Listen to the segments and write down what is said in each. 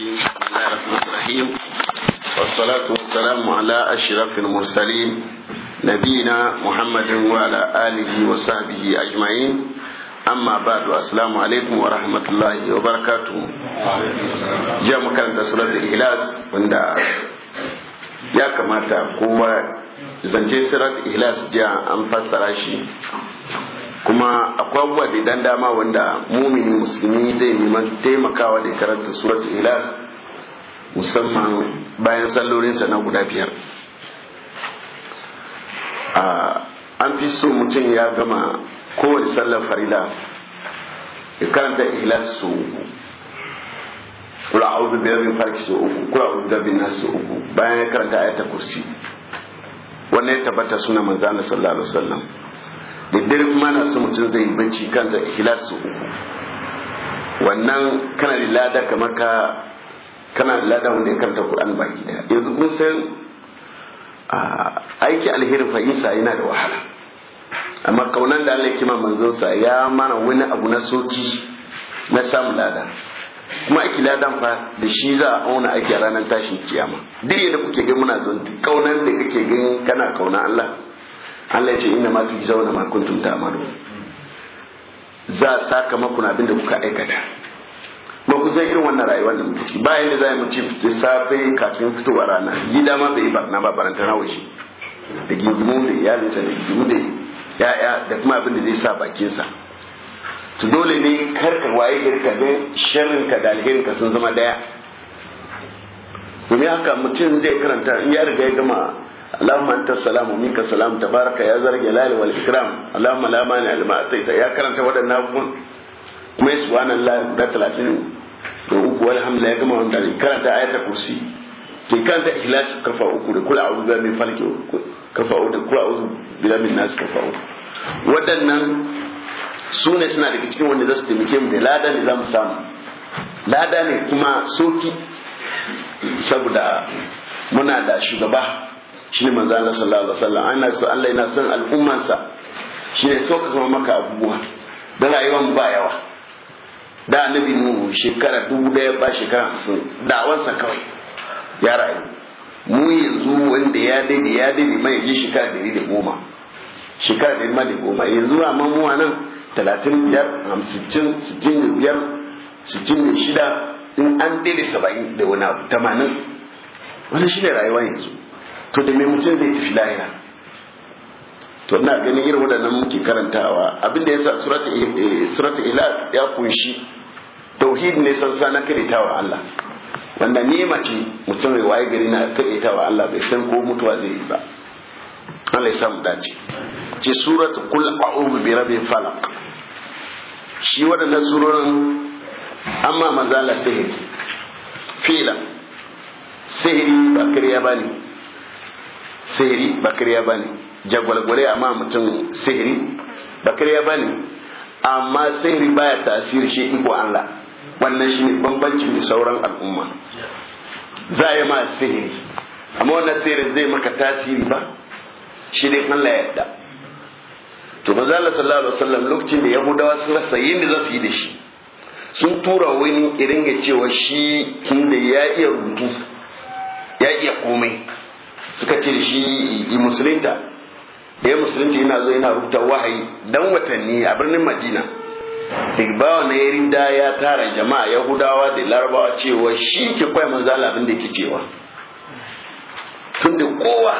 الرجيم بسم الله الرحمن الرحيم والصلاة والسلام على أشرف المرسلين نبينا محمد وعلى آله وصحبه أجمعين أما بعد السلام عليكم ورحمة الله وبركاته جاء مكان سورة الإخلاص وند يا كما تقوى zance جاء ihlas jiya جاء fassara shi kuma akwai abubuwa da dan dama wanda mumini musulmi zai neman taimakawa da karanta surat ilas musamman bayan sallolinsa na guda biyar an fi so mutum ya gama kowace sallar farila ya karanta ilas su kula a da biyar bin farki su uku kula a da bin nasu uku bayan ya karanta ayata kursi wannan ya tabbata suna manzana sallallahu alaihi wasallam da dare kuma na su mutum zai bacci kansa ikhlasu wannan kana da lada kamar ka kana da wanda ya karanta Qur'an baki daya yanzu kun san aiki alherin isa yana da wahala amma kaunan da Allah kima sa ya mana wani abu na soki na samun lada kuma aiki ladan fa da shi za a auna aiki a ranar tashin kiyama duk yadda kuke ga muna zonti kaunan da kake gani kana kauna Allah Allah ya ce inna ma tujzauna ma kuntum ta'malu za saka maku abin da kuka aikata ba ku sai irin wannan rayuwar da muke ciki bayan da za mu ci safe kafin fitowa rana gida ma bai barna ba baranta na waje da gingimu da iyalinsa da gingimu da ya'ya da kuma abin da zai sa bakinsa to dole ne ka waye girka sharrin ka da ka sun zama daya domin haka mutum zai karanta in ya riga ya gama اللهم انت السلام ومنك السلام تبارك يا ذا الجلال والاكرام اللهم لا مانع لما اعطيت يا كرمت ودنا ابون kuma سبحان الله ده 30 da uku لله كما انت كرمت ne karanta ayata kursi ke karanta ikhlas kafa uku da kula a'udhu billahi min falaki kafa uku da kula a'udhu billahi min سنا kafa cikin wanda zasu taimake mu da lada ne za samu lada ne kuma soki saboda muna da shugaba shi ne manzo Allah sallallahu alaihi wasallam ana so Allah yana son al'ummansa shi ne so ka maka abubuwa da rayuwar ba yawa da annabi nuhu shekara dubu daya ba shekara hamsin dawansa kawai ya rayu mu yanzu wanda ya daidai ya daidai mai ji shekara dari da goma shekara dari ma da goma yanzu amma mu a nan talatin biyar hamsin sittin da biyar sittin da shida in an daidai saba'in da wani abu tamanin wani shi ne rayuwa yanzu to da mutum zai tafi lahira to ina ganin irin waɗannan muke karantawa abinda yasa suratul ilas ya kunshi eh, tauhid ne sansa na karitawa Allah wanda nema ce mutum mai waye gari na karitawa Allah bai san ko mutuwa zai yi ba Allah ya samu dace ce suratu kul a'udhu bi rabbil falaq shi waɗannan surorin amma manzala sihiri fila sihiri ba kariya bane sihiri ba kariya bane jagwalgwale amma mutum sihiri ba kariya bane amma sihiri baya tasiri shi iko Allah wannan shi ne bambanci da sauran al'umma za a yi ma sihiri amma wannan sihiri zai maka tasiri ba shi ne Allah ya yarda to manzo Allah sallallahu alaihi wasallam lokacin da Yahudawa sun rasa yin da zasu yi da shi sun tura wani irin ya cewa shi inda ya iya rubutu ya iya komai suka ce shi yi musulinta. da ya musulunta yana zo yana rubuta wahayi dan watanni a birnin madina bawa na yarin da ya tara jama'a yahudawa da larabawa cewa shi ke kwai manzala abin da ke cewa tunda kowa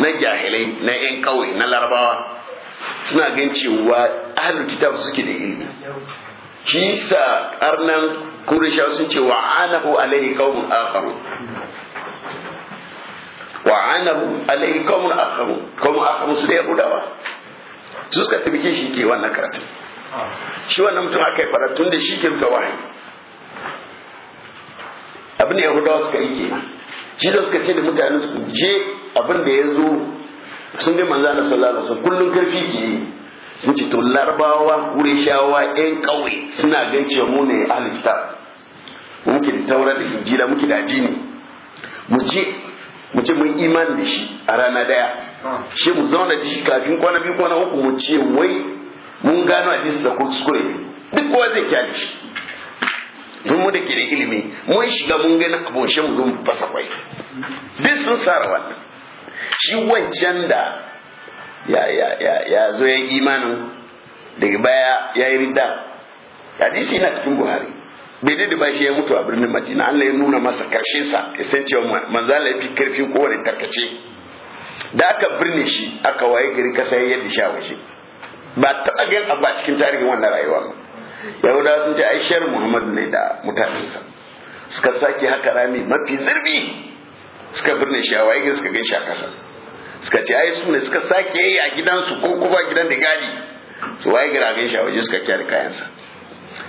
na jahilai na yan kawai na larabawa suna gan cewa ahlul kitab suke da ilimi kisa arnan kurisha sun ce wa anahu alaihi kawun akharu wa anahu alaihi qaumun akharu qaumun akharu su da yahudawa su suka tabbike shi ke wannan karatu shi wannan mutum aka yi fara tun da shi ke rubuta wahayi abin da yahudawa suka yi ke shi da suka ce da mutane su je abin da ya zo sun ga manzana sallallahu alaihi wasallam kullun karfi ke yi sun ce to larabawa kureshawa yan kauye suna gan cewa mu ne ahli kitab muke da taurari da injila muke da ajini mu je mu ce mun imani da shi a rana daya shi mu zauna da shi kafin kwana biyu kwana uku mu ce wai mun gano a jinsu da kuskure duk kowa zai kyale shi tun mu da ke da ilimi mun shiga mun gani abun shi mu zo mu fasa kwai duk sun sara wannan shi wancan da ya ya ya ya zo ya imanin daga baya ya yi ridda hadisi yana cikin buhari bai da ba shi ya mutu a birnin madina Allah ya nuna masa karshen sa san cewa manzala ya fi karfin kowane tarkace da aka birne shi aka waye gari kasa ya yadda sha washe ba taɓa gan abu a cikin tarihin wannan rayuwa ba yahuda sun ce ai shar muhammadu ne da mutanensa suka sake haka rami mafi zurbi suka birne shi a waye gari suka gan shi a kasa suka ce ai su ne suka sake yi a gidansu ko kuma gidan da gadi su waye gari a gan shi a waje suka kyara kayansa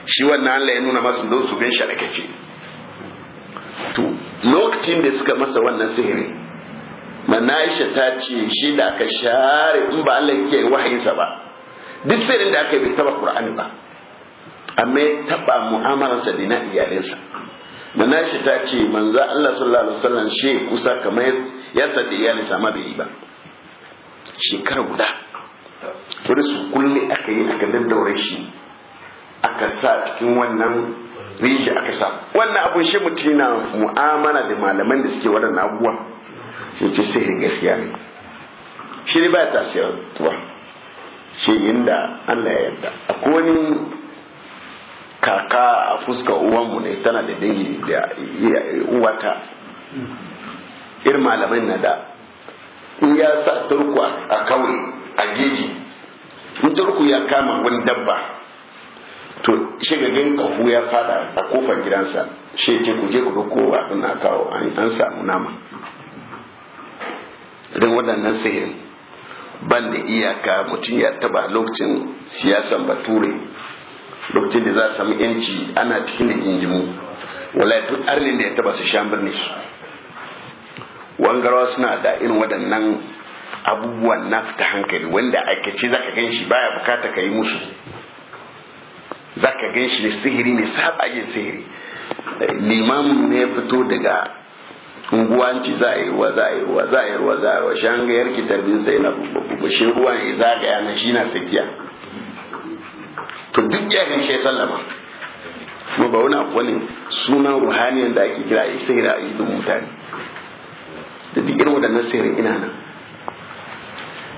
shi wannan Allah ya nuna masu don su bin shi a to lokacin da suka masa wannan sihiri manaisha ta ce shi da aka share in ba Allah ke wahayinsa ba duk sirrin da aka yi ta taba Qur'ani ba amma ya taba mu'amalarsa da na iyalinsa manaisha ta ce manzo Allah sallallahu alaihi wasallam shi kusa kamar ya da iyalinsa ma bai yi ba shekara guda wani su kulle aka yi aka daddaure shi aka sa cikin wannan rishi aka sa wannan abun shi mutum na mu'amala da malaman da suke waɗannan abubuwa sai ce sai gaskiya ne shi ne ba tasirin tuwa shi inda Allah ya yarda akwai wani kaka a fuska uwanmu ne tana da dangi da uwata irin malamai na da in ya sa turku a kawai a jeji in turku ya kama wani dabba to shi gan kahu ya fada a kofar gidansa shi ce ku je ku dauko abin na kawo an samu nama don waɗannan sihirin ban da iyaka mutum ya taba lokacin siyasan bature lokacin da za a samu yanci ana cikin da gingimu wala duk arnin da ya taba su shan birni su wangarawa suna da irin waɗannan abubuwan na fita hankali wanda aikace za ka gan shi baya bukata ka yi musu zaka gan shi da sihiri ne sabagen sihiri limam ne ya fito daga unguwanci za a yi ruwa za a yi ruwa za a yi ruwa za a yi ruwa shi an ga yarki tarbin sai na ruwa ne za zagaya na shi na tsakiya to duk ya gan shi sallama kuma ba wani akwai sunan ruhaniyan da ake kira a sihiri a idon mutane da duk irin waɗannan sihirin ina nan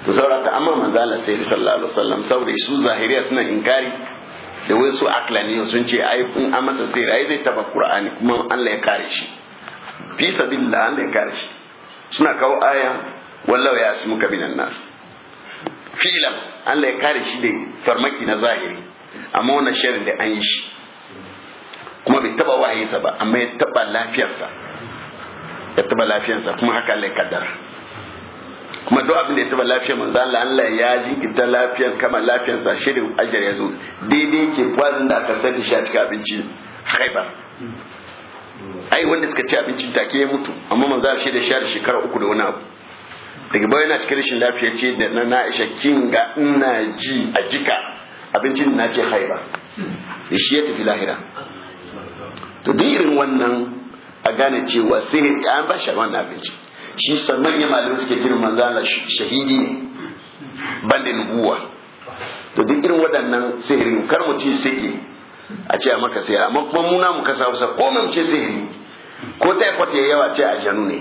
to saboda ka amma manzala sai sallallahu alaihi wasallam saboda su zahiriya suna inkari da su aklani sun ce ai in an masa sai ai zai taba qur'ani kuma Allah ya kare shi fi sabilillah Allah ya kare shi suna kawo aya wallahu ya asmuka binan nas filan Allah ya kare shi da farmaki na zahiri amma wannan sharri da an yi shi kuma bai taba wahayinsa ba amma ya taba lafiyarsa ya taba lafiyarsa kuma haka Allah ya kaddara kuma duk abin da ya taba lafiyar manzo Allah Allah ya jinkirta lafiyar kamar lafiyar sa shirin ajar ya zo daidai ke kwanan da aka sani shi a cikin abinci khaibar ai wanda suka ci abincin take ya mutu amma manzo Allah shi da shar shekara uku da wani abu daga bayan na cikin rashin lafiya ce da na Aisha kinga ina ji a jika abincin na ce haiba da shi ya tafi lahira to duk irin wannan a gane cewa sai an ba shi wannan abinci shi sa manyan malamai suke kirin manzo Allah shahidi ne banda nubuwa to duk irin waɗannan sihirin kar mu ce sike a ce a maka sai amma kuma muna mu kasa Hausa ko mu ce sihiri ko taifot ya yawa ce a janu ne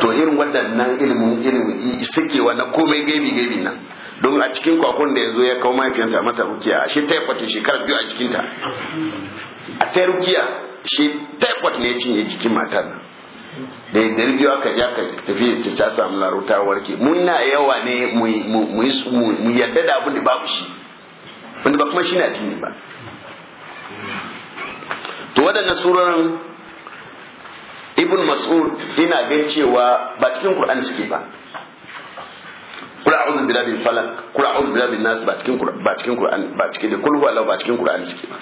to irin waɗannan ilimin ilimin sikewa na komai gaibi gaibi nan don a cikin kwakwan da ya zo ya kawo mahaifiyarsa mata rukiya shi kwata shekara biyu a cikinta a ta rukiya shi taifot ne ya cinye jikin matar nan da dari biyu aka ja ka tafi ta ta samu laro ta warke muna yawa ne mu yadda da abin da babu shi wanda ba kuma shi na tini ba to waɗannan surorin ibn mas'ud ina gan cewa ba cikin qur'ani suke ba kul a'udhu bi rabbil falaq kul a'udhu bi nas ba cikin ba cikin qur'ani ba cikin da kul huwa ba cikin qur'ani suke ba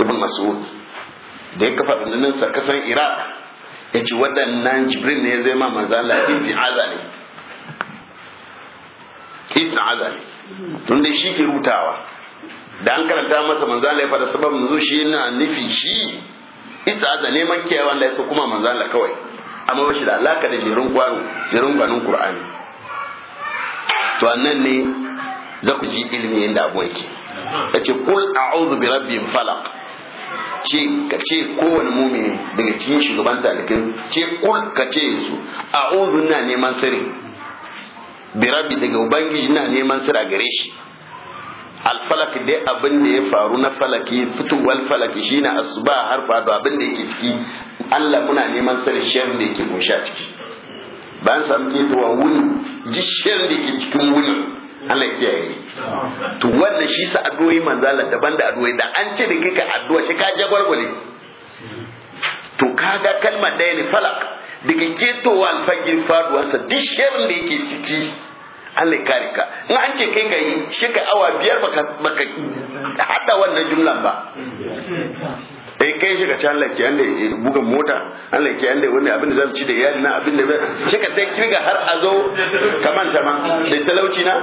ibn mas'ud da ya kafa dandanan sarkasan iraq ya ce waɗannan jibrin ne zai ma manzo Allah isti'aza ne azali. ne tun da shi ke rutawa da an karanta masa manzo laifar ya fada sababin zo shi na nufi shi isti'aza neman kiyaye wanda ya so kuma manzo kawai amma ba shi da alaka da jerin gwaro jerin gwanin Qur'ani to annan ne za ku ji ilimi inda abuwa yake ce kul a'udhu bi rabbil falaq ce ka ce kowane mumini daga cikin shugaban talikin ce kul ka ce su ozun na neman sirri birabi daga ubangiji na neman sirri gare shi alfalak dai abin da ya faru na falaki fitowar falaki shine asuba har fado abin da yake ciki Allah muna neman sirri shiyar da yake gosha ciki bayan samu ketowa wuni jishiyar da yake cikin wuni Allah ya kiyaye to wannan shi sa addu'o'i manzo Allah daban da addu'o'i da an ce da kika addu'a shi ka jagwalgwale to kaga kalma ɗaya ne falak daga ketowa alfajin faduwansa duk shirin da yake ciki Allah ya kare ka in an ce kai ga shi ka awa biyar baka hada wannan jumlan ba in eh, kai shi ka ci Allah an da eh, buga mota Allah ke an da wani abin da zan ci da iyali na abin da shi ka sai kirga har a zo kaman tama da talauci na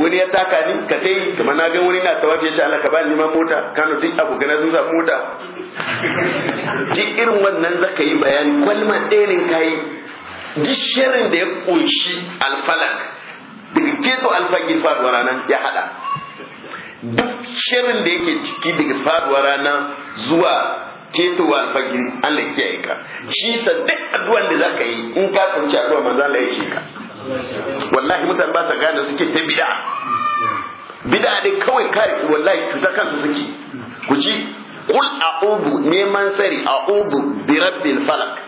wani ya taka ni ka sai kuma na ga wani na tawafi ya ce Allah ka ba ni ma mota Kano duk abu gana na samu mota ji irin wannan zaka yi bayani kwalma ɗaya ne kai duk shirin da ya kunshi alfalak daga keto alfagin faruwa ranar ya hada duk shirin da yake ciki daga faduwa rana zuwa ketowa alfagiri Allah ya kiyaye ka shi sa duk addu'an da zaka yi in ka kunci addu'a manzo Allah ya ka wallahi mutane ba sa gane suke ta bid'a bid'a da kawai kare wallahi cuta kansu suke ku ci qul a'udhu neman sari a'udhu bi rabbil falaq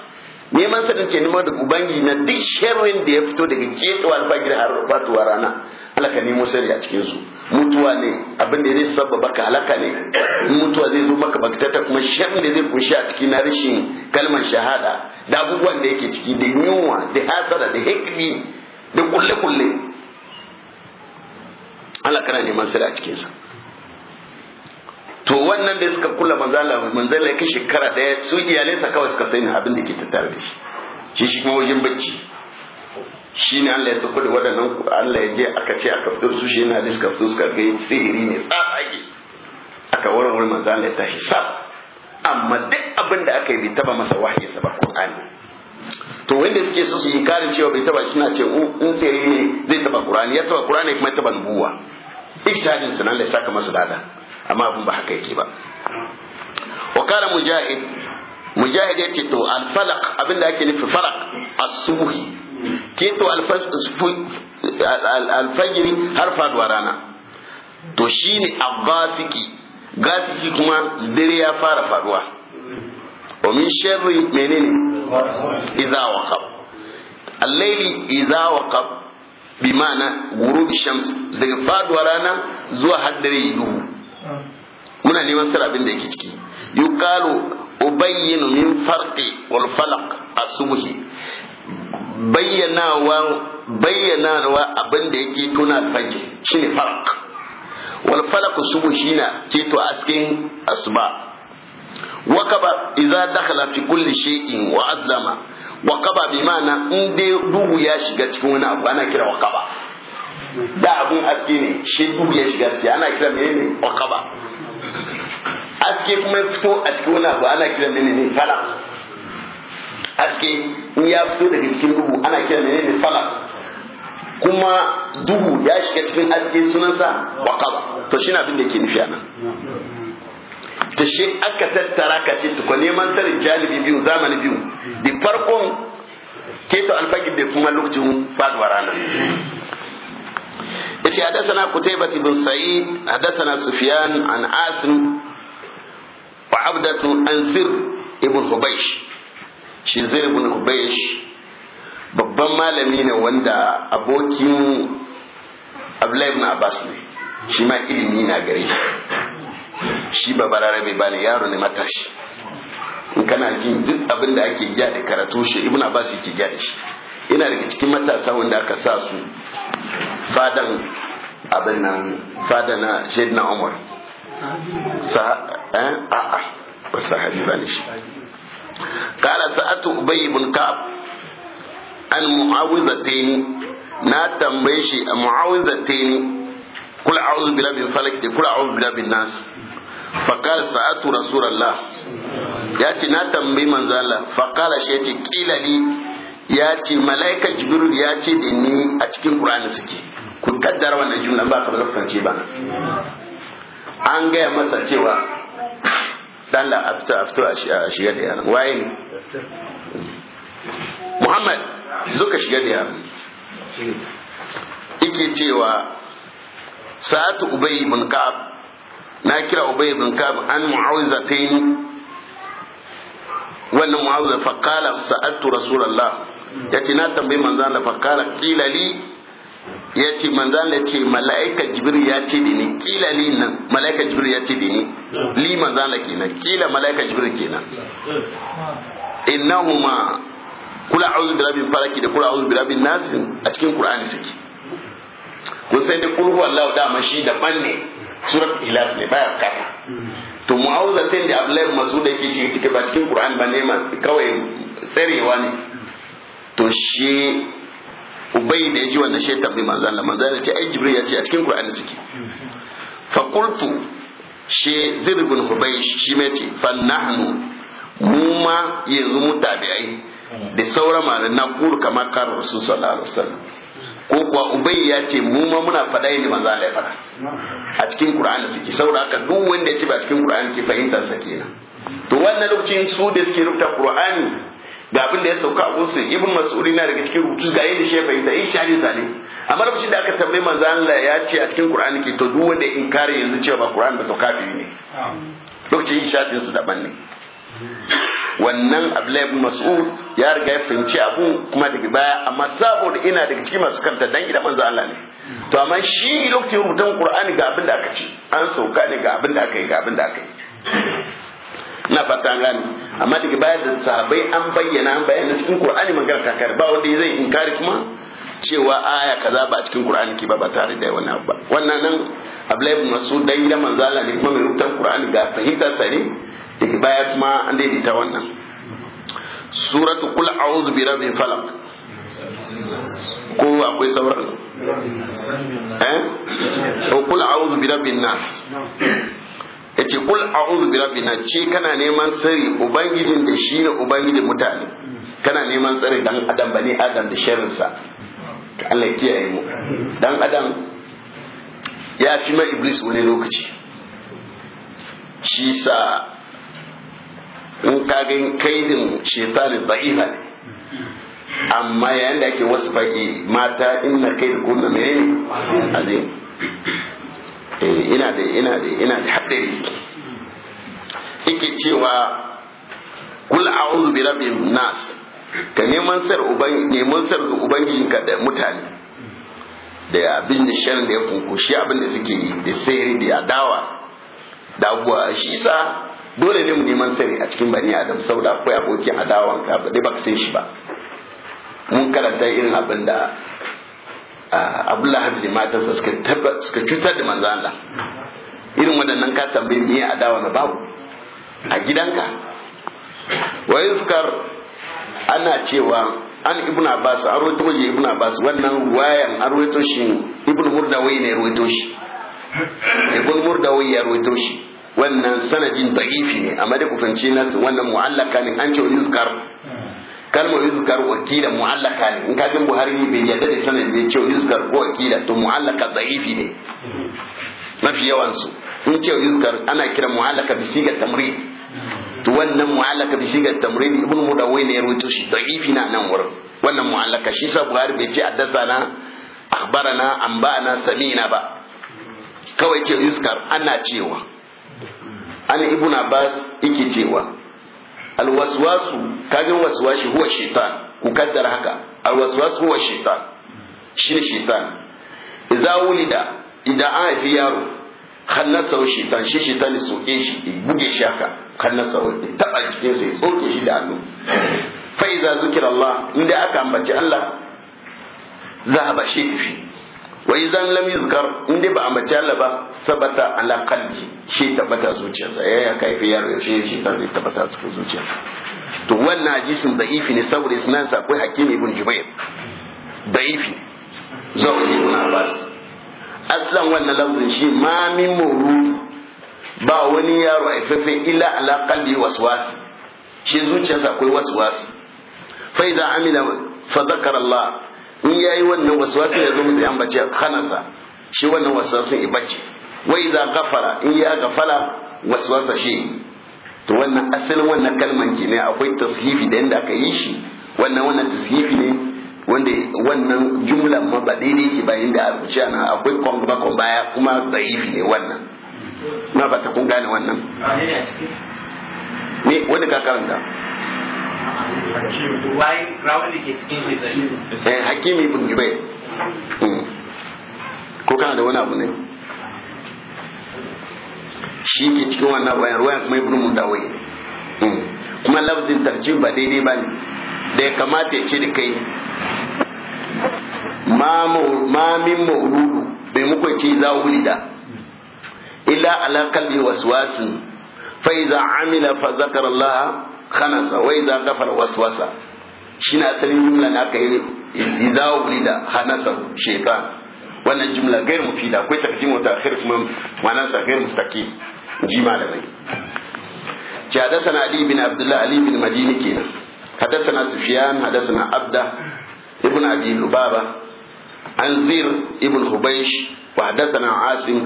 neman sa ke neman da ubangi na duk sharrin da ya fito daga kewa alfagir har fatuwa rana alaka nemo a cikin su mutuwa ne abin da zai sabba baka alaka ne mutuwa zai zo maka tata kuma sharrin da zai kunshi a cikin na rashin kalmar shahada da abubuwan da yake ciki da yunwa da hasara da hikmi da kulle-kulle alaka na neman sirri a cikin sa to wannan da suka kula manzala manzala ya kai shekara daya su iyalansa kawai suka sani abin da ke tattare da shi shi shi kuma wajen bacci shi ne Allah ya sauko da waɗannan Allah ya je aka ce aka fito su shi na da suka fito suka ga sihiri ne tsage aka wurin wurin manzala ya tashi sab amma duk abin da aka yi bai taba masa wahayi sa ba Qur'ani to wanda suke so su yi karin cewa bai taba shi na ce oh, in sihiri ne zai taba Qur'ani ya taba Qur'ani kuma ya taba nubuwa ikshadin sunan Allah ya saka masa dada amma abun ba haka yake ba wa kana mujahid mujahid to abinda ake nufi falaq as ke to har faduwa rana to shine abbasiki gasiki kuma dare ya fara faduwa rana zuwa muna neman sir abin da yake ciki yuqalu ubayyinu min farqi wal falaq asubhi bayyana wa abin da yake tona alfaji shine farq wal falaq subu shine ceto askin asuba wakaba idza dakhala fi kulli shay'in wa wakaba bi ma'ana in dai duhu ya shiga cikin wani abu ana kira wakaba da abun haske ne shi duk ya shiga ciki ana kira mene ne okaba haske kuma ya fito a cikin wani abu ana kira mene ne fala haske in ya fito daga cikin duhu ana kira mene ne fala kuma duhu ya shiga cikin haske sunansa wakaba to shi na abin da yake nufi a nan ta shi aka tattara ka ce tukwa neman sanin jalibi biyu zamani biyu da farkon keto alfagin da kuma lokacin faduwa ranar yace hadathana qutaybah bin sa'id hadathana sufyan an asim wa abdatu an zir ibn hubaysh shi zir ibn hubaysh babban malami ne wanda abokin abdullahi ibn abbas ne shi ma ilimi na gare shi shi ba bararabe ba ne yaro ne matashi in kana jin duk abin da ake gya da karatu shi ibn abbas yake gya da shi ina daga cikin matasa wanda aka sa su fadan abin nan fada na na umar eh, a'a ba sahabi ba ne shi kala sa'atu ubay ibn ka'ab an mu'awizatayn na tambaye shi a mu'awizatayn kul a'udhu bi rabbil falaq da kul a'udhu bi rabbin nas faqala sa'atu rasulullah ya ce na tambayi manzo Allah fa shi yace kila li ya ce malaika jibril ya ce da ni a cikin qur'ani suke ku kaddara wannan jumla ba ka fahimci ba an gaya masa cewa dan da afto afto a shiga da yaran waye ne Muhammad zo ka shiga da yaran yake cewa sa'atu ubay bin ka'ab na kira ubay bin ka'ab an mu'awizatayn wannan mu'awiza fa qala sa'atu rasulullah yace na tambayi manzo Allah fa qala qila li ya ce manzan da ce mala'ika jibril ya ce da ni kila ni nan mala'ika jibril ya ce da ni li manzan da kenan kila mala'ika jibril kenan innahuma kula a'udhu bi rabbil falaki da kula a'udhu bi rabbin nas a cikin qur'ani suke ko sai da kul huwallahu da mashi da banne surat ilaf ne baya kafa to tin da abdullahi masud yake shi cikin ba cikin qur'ani ba ne ma kawai tsarewa ne to shi ubay da yaji wannan shi tambayi manzo Allah manzo Allah ce ai jibril ya ce a cikin qur'ani suke fa qultu she zir ibn hubaysh shi mai ce fa nahnu mu ma yanzu mutabi'ai da sauran ma na qur kamar kar rasul sallallahu alaihi wasallam ko kuwa ubay ya ce mu ma muna faɗa ne manzo Allah ya faɗa a cikin qur'ani suke saboda haka duk wanda ya ce ba cikin qur'ani ke fahimtar sa kenan to wannan lokacin su da suke rubuta qur'ani ga abin da ya sauka a gunsu ibn mas'udi na daga cikin rubutu ga yadda shi ya fahimta in eh, shari zane amma lokacin da aka tambaye manzo Allah ya ce a cikin Qur'ani ke to duk wanda in kare yanzu cewa ba Qur'ani ba to kafiri ne lokacin in shafin su daban ne wannan Abdullahi ibn Mas'ud ya riga ya fahimci abu kuma daga baya amma saboda ina daga cikin masu karanta dan idan manzo Allah ne to amma shi lokacin rubutun Qur'ani ga abin da aka ce an sauka ne ga abin da aka yi ga abin da aka yi na fata gani amma daga baya da sahabai an bayyana an bayyana cikin qur'ani magana garka kare ba wanda zai inkari kuma cewa aya kaza ba a cikin qur'ani ke ba ba tare da wani abu ba wannan nan ablai ibn mas'ud dai da manzo Allah ne kuma mai rubutan qur'ani ga fahimta sare daga baya kuma an daidaita wannan suratu qul a'udhu bi rabbil falaq ko akwai sauran eh qul a'udhu bi rabbin nas yace kul a'udhu bi rabbina ce kana neman sirri ubangijin da shi ne ubangijin mutane kana neman tsari dan adam bani adam da sharrinsa Allah ya kiyaye mu dan adam ya fi ma iblis wani lokaci shi sa in ka ga kaidin shaytan da'ifa ne amma yayin da ake wasu fage mata inna da kuma menene azim ina da ina da ina da cewa kul a'udhu bi rabbin nas ka neman sar uban neman ubangijinka da mutane da abin da shan da ya shi abin da suke yi da sai da adawa da abuwa shi sa dole ne mu neman sani a cikin bani adam saboda akwai abokin adawa ka ba dai ba ka san shi ba mun karanta irin abin da abdullahi da matan suka cutar da manzo Allah irin waɗannan ka tambayi me adawa na babu a gidanka wayin sukar ana cewa an ibnu abbas an rawaito waje ibnu abbas wannan wayan an rawaito shi ibn murdawai ne rawaito shi ibn murdawai ya rawaito shi wannan sanadin da'ifi ne amma da kufanci na wannan mu'allaka ne an ce wani zukar kalma yuzkar wakila mu'allaka ne in kafin buhari bai yadda da sanin da ce yuzkar ko wakila to mu'allaka dhaifi ne mafi yawan su in ce yuzkar ana kira mu'allaka bi sigar tamrid to wannan mu'allaka bi sigar tamrid ibnu mudawai ne ya rawaito shi dhaifi na nan wurin wannan mu'allaka shi sa buhari bai ce na akhbarana anba'ana samina ba kawai ce yuzkar ana cewa an ibnu abbas yake cewa alwaswasu kaga waswashi huwa shaitan ku kaddara haka alwaswasu huwa shaitan shine shaitan idza wulida idan an haifi yaro khallasa wa shaitan shi shaitan soke shi buge shi haka khallasa wa taba jikin sa soke shi da hannu fa idza zikira Allah inda aka ambaci Allah zahaba shi tafi wa idan lam yuzkar inda ba a mace Allah ba sabata ala qalbi shi tabbata zuciyarsa yayin eh, ya kai fiyar shi shi zai tabbata cikin zuciyarsa to wannan hadisin ifi ne saboda sunan sa akwai hakim ibn jubair ifi zauri ibn abbas aslan wannan lafzin shi ma min mawrud ba wani yaro a fafe ila ala qalbi waswas shi zuciyarsa akwai waswas fa idan amila fa zakara Allah in yayi wannan waswasin ya zo musu yan bace hanasa shi wannan waswasin ya bacci wai za gafara in ya wasu waswasa shi to wannan asalin wannan kalman ki ne akwai tashifi da yanda aka yi shi wannan wannan tashifi ne wanda wannan jumlan ma ba daidai ki ba yanda a rubuce akwai kwamba kwamba kuma da'ifi ne wannan na ba ta kun gane wannan ne wanda ka karanta bayan da hakimi ibn jubair hmm. ko kana da wani abu ne shi ke cikin wannan bayan ruwa kuma ibn mundawai hmm. kuma lafzin tarjim ba daidai ba ne da ya kamata ya ce da kai ma min mawludu bai muku ce za wulida illa ala kalbi wasu fa iza amila fa zakara Allah khanasa wa idza ghafala waswasa shine asalin jumla da aka yi idza da khanasa shaytan wannan jumla gair mufida akwai takjim wa ta'khir kuma ma'anarsa gair mustaqim ji malamai ce hadathana علي bin abdullah ali bin majini kenan hadathana sufyan hadathana abda ibn ابن lubaba anzir ibn hubaysh wa hadathana asim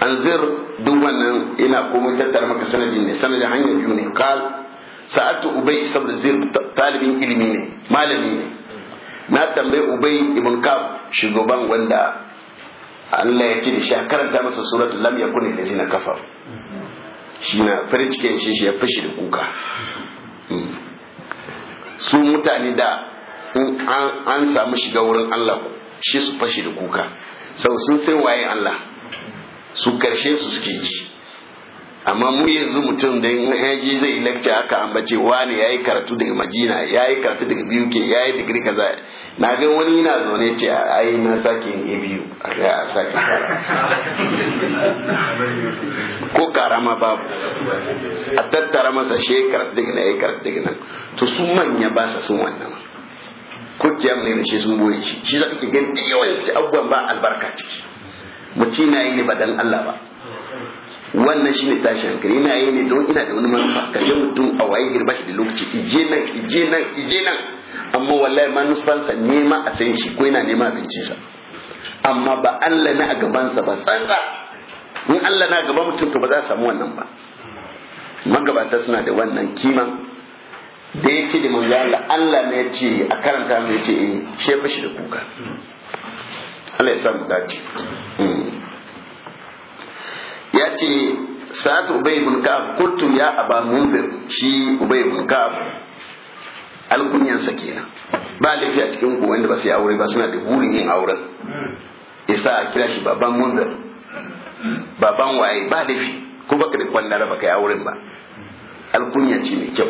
anzir duk wannan ina komai tattara sanadin ne sanadin hanyar sa'atu ubay ibn zir talibin ilimi ne malami ne na tambayi ubay ibn kaf shugaban wanda Allah ya ce da shi karanta masa suratul lam yakun alladhina kafar shi na farin cikin shi shi ya fashi da kuka su mutane da an samu shiga wurin Allah shi su fashi da kuka sau sun sai waye Allah su karshe su suke ji amma mu yanzu mutum da in haji zai lecture aka bace wani yayi karatu daga Madina yayi karatu daga BUK yayi digiri kaza na ga wani yana zaune ce ai na sake yin biyu a sake ko karama babu a tattara masa she karatu daga nan yayi karatu daga nan to su manya ba sa sun wannan ko kiyam ne shi sun boye shi shi za ka ga yawan abubuwan ba albarka ciki mutum na yi ne ba dan Allah ba wannan shine tashi hankali ina yi ne don ina da wani manufa karfe mutum a waye girba shi da lokaci ije nan ije nan ije nan amma wallahi manufansa nema a san shi ko yana nema a sa. amma ba Allah na a gabansa ba tsantsa in Allah na gaban mutum to ba za a samu wannan ba magabata suna da wannan kiman da ya ce da manzo Allah Allah ne ya ce a karanta mu ya ce eh shefa shi da kuka Allah ya samu dace hmm. ya ce sa'at ubay ibn ka'ab kuntu ya aba munzir shi ubay ibn ka'ab alkunyan sa kenan ba lafiya cikin ku wanda ba sai aure ba suna da burin yin auren isa kira shi baban munzir baban waye ba lafi ko baka da kwandara ba kai auren ba alkunya ce mai kyau